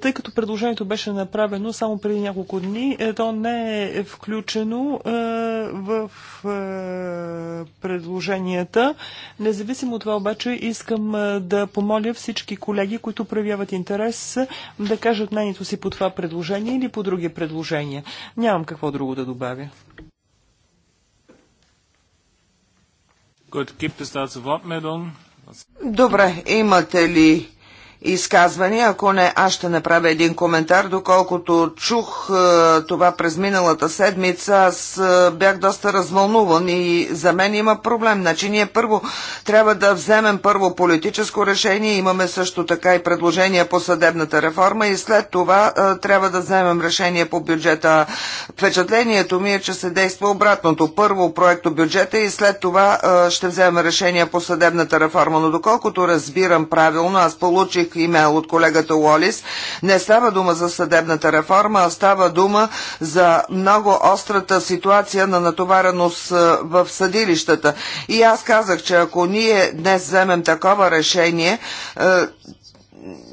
тъй като предложението беше направено само преди няколко дни, е, то не е включено в предложенията. Независимо от това обаче искам да помоля всички колеги, които проявяват интерес, да кажат мнението си по това предложение или по други предложения. Нямам какво друго да добавя. Добре, имате ли изказвания. Ако не, аз ще направя един коментар. Доколкото чух е, това през миналата седмица, аз е, бях доста развълнуван и за мен има проблем. Значи ние първо трябва да вземем първо политическо решение. Имаме също така и предложение по съдебната реформа и след това е, трябва да вземем решение по бюджета. Впечатлението ми е, че се действа обратното. Първо проекто бюджета и след това ще вземем решение по съдебната реформа. Но доколкото разбирам правилно, аз получих докладчик имейл от колегата Уолис. Не става дума за съдебната реформа, а става дума за много острата ситуация на натовареност в съдилищата. И аз казах, че ако ние днес вземем такова решение,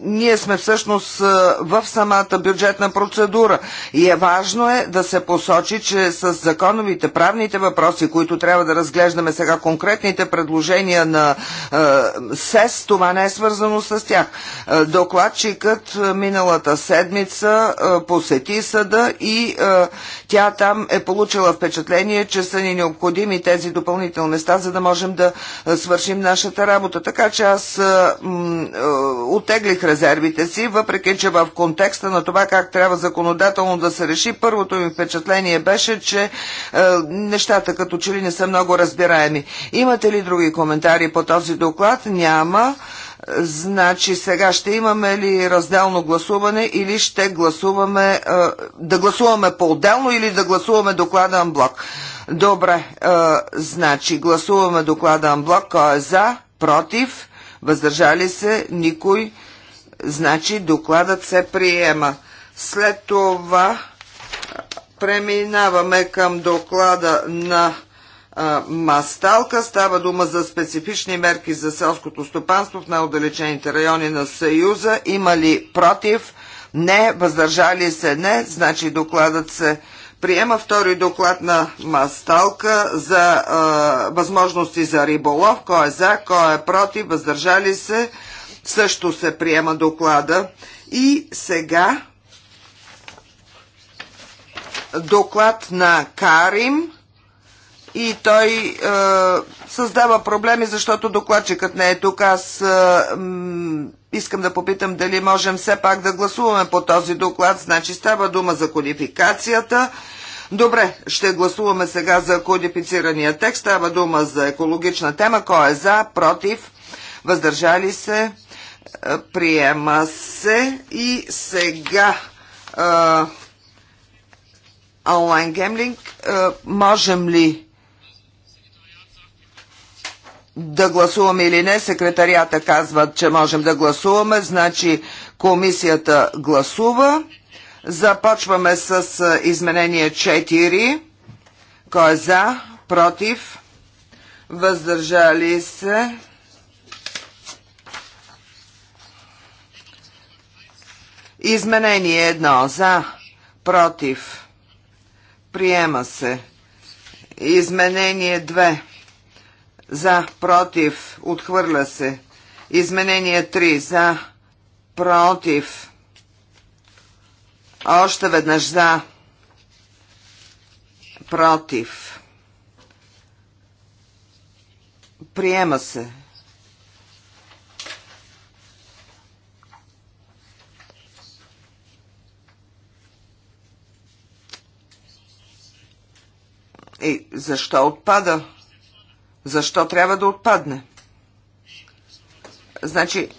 ние сме всъщност в самата бюджетна процедура и е важно е да се посочи, че с законовите правните въпроси, които трябва да разглеждаме сега, конкретните предложения на СЕС, това не е свързано с тях. Докладчикът миналата седмица посети съда и тя там е получила впечатление, че са ни необходими тези допълнителни места, за да можем да свършим нашата работа. Така че аз от оттеглих резервите си, въпреки че в контекста на това как трябва законодателно да се реши, първото ми впечатление беше, че е, нещата като че ли не са много разбираеми. Имате ли други коментари по този доклад? Няма. Значи сега ще имаме ли разделно гласуване или ще гласуваме, е, да гласуваме по-отделно или да гласуваме доклада Анблок? Добре, е, значи гласуваме доклада Анблок. Кой е за? Против? Въздържали се? Никой? Значи докладът се приема. След това преминаваме към доклада на Масталка. Става дума за специфични мерки за селското стопанство в най-отдалечените райони на Съюза. Има ли против? Не. Въздържали се? Не. Значи докладът се приема. Втори доклад на Масталка за а, възможности за риболов. Кой е за? Кой е против? Въздържали се? също се приема доклада. И сега доклад на Карим и той е, създава проблеми, защото докладчикът не е тук. Аз е, искам да попитам дали можем все пак да гласуваме по този доклад. Значи става дума за кодификацията. Добре, ще гласуваме сега за кодифицирания текст. Става дума за екологична тема. Кой е за, против, въздържали се, Приема се. И сега онлайн гемлинг. можем ли да гласуваме или не? Секретарията казва, че можем да гласуваме. Значи комисията гласува. Започваме с изменение 4. Кой е за? Против? Въздържали се? Изменение едно за, против, приема се. Изменение 2 за, против, отхвърля се. Изменение три за, против, още веднъж за, против. Приема се. И е, защо отпада? Защо трябва да отпадне? Значи,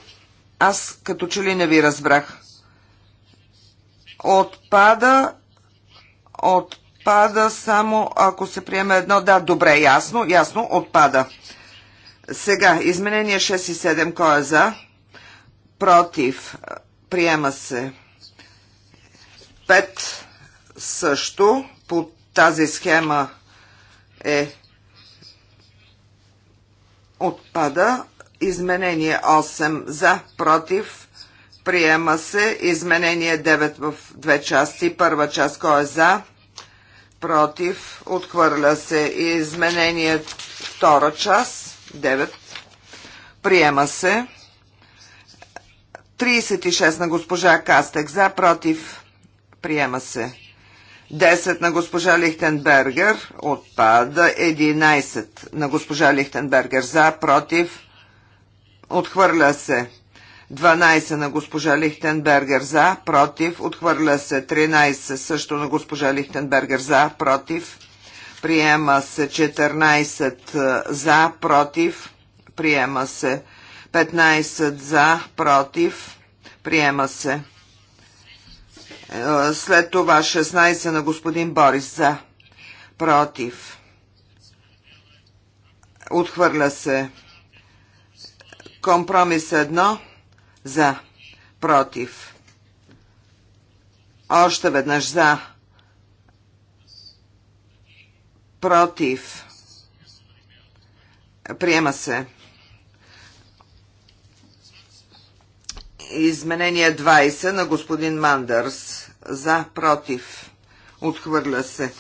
аз като че ли не ви разбрах. Отпада, отпада само ако се приеме едно. Да, добре, ясно, ясно, отпада. Сега, изменение 6 и 7, кой е за? Против, приема се. 5 също, по тази схема е отпада. Изменение 8 за, против, приема се. Изменение 9 в две части. Първа част, кой е за, против, отхвърля се. Изменение втора част, 9, приема се. 36 на госпожа Кастек за, против, приема се. 10 на госпожа Лихтенбергер отпада, 11 на госпожа Лихтенбергер за, против, отхвърля се. 12 на госпожа Лихтенбергер за, против, отхвърля се. 13 също на госпожа Лихтенбергер за, против, приема се. 14 за, против, приема се. 15 за, против, приема се. След това 16 на господин Борис за. Против. Отхвърля се. Компромис 1 за. Против. Още веднъж за. Против. Приема се. Изменение 20 на господин Мандърс. За, против. Отхвърля се.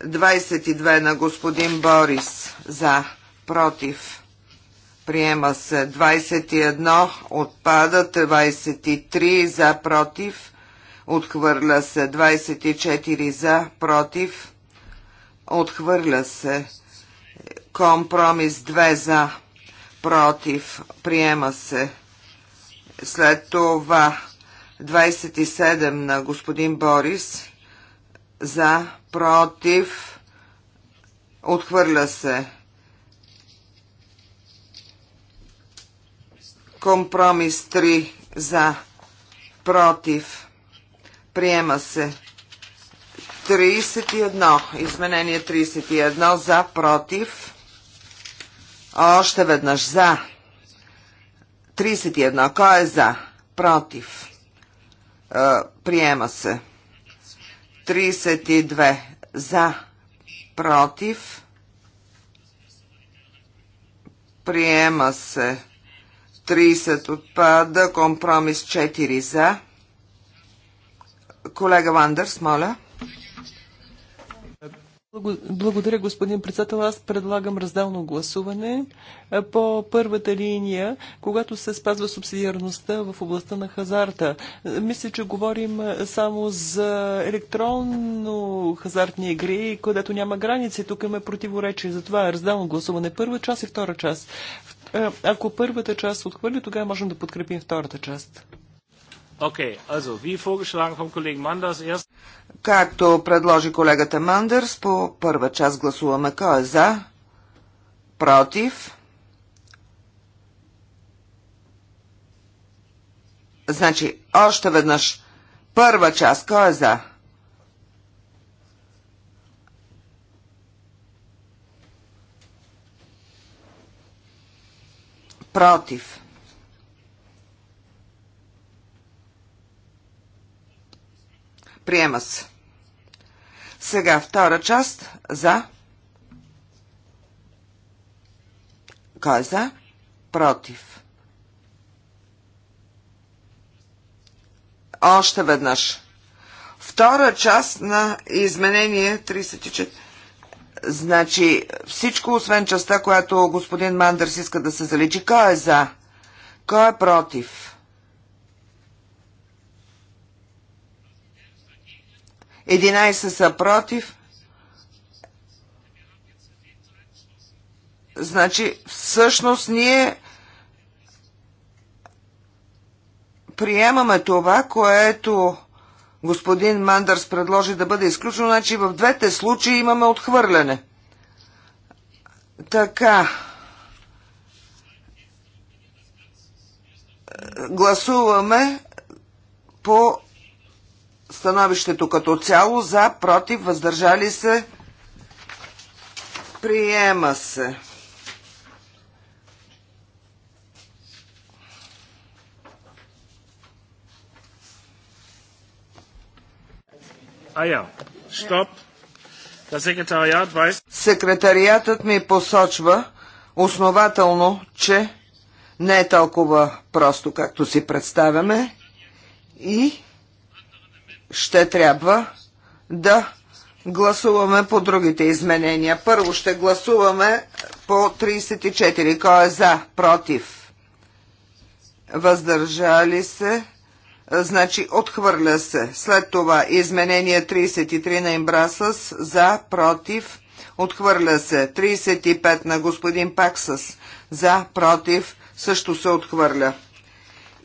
22 на господин Борис. За, против. Приема се. 21 отпада. 23 за, против. Отхвърля се. 24 за, против. Отхвърля се. Компромис 2 за, против. Приема се. След това 27 на господин Борис за, против, отхвърля се. Компромис 3 за, против, приема се. 31. Изменение 31 за, против. Още веднъж за, 31. Кой е за? Против. Е, приема се. 32. За. Против. Приема се. 30 отпада. Компромис 4 за. Колега Вандърс, моля. Благодаря, господин председател. Аз предлагам разделно гласуване по първата линия, когато се спазва субсидиарността в областта на хазарта. Мисля, че говорим само за електронно хазартни игри, където няма граници. Тук има противоречие. Затова е разделно гласуване. Първа част и втора част. Ако първата част отхвърли, тогава можем да подкрепим втората част. Okay, also wie vorgeschlagen vom Kollegen Manders erst. Както предложи колегата Мандърс, по първа част гласуваме кой е за, против. Значи, още веднъж, първа част, кой е за? Против. Приема се. Сега втора част за. Кой е за? Против. Още веднъж. Втора част на изменение 34. Значи всичко, освен частта, която господин Мандърс иска да се заличи, кой е за? Кой е против? 11 са против. Значи, всъщност ние приемаме това, което господин Мандърс предложи да бъде изключено, значи в двете случаи имаме отхвърляне. Така. Гласуваме по становището като цяло за, против, въздържали се, приема се. А я, стоп. Секретариатът ми посочва основателно, че не е толкова просто, както си представяме и ще трябва да гласуваме по другите изменения. Първо ще гласуваме по 34. Кой е за? Против? Въздържали се? Значи отхвърля се. След това изменение 33 на Имбрасъс. За? Против? Отхвърля се. 35 на господин Паксъс. За? Против? Също се отхвърля.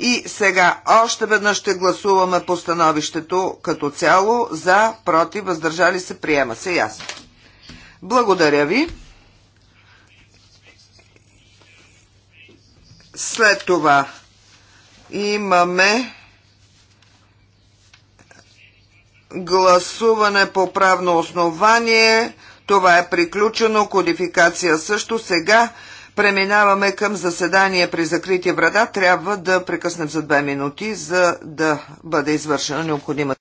И сега още веднъж ще гласуваме по становището като цяло за, против, въздържали се, приема се ясно. Благодаря ви. След това имаме гласуване по правно основание. Това е приключено. Кодификация също сега. Преминаваме към заседание при закрития врата. Трябва да прекъснем за две минути, за да бъде извършена необходимата.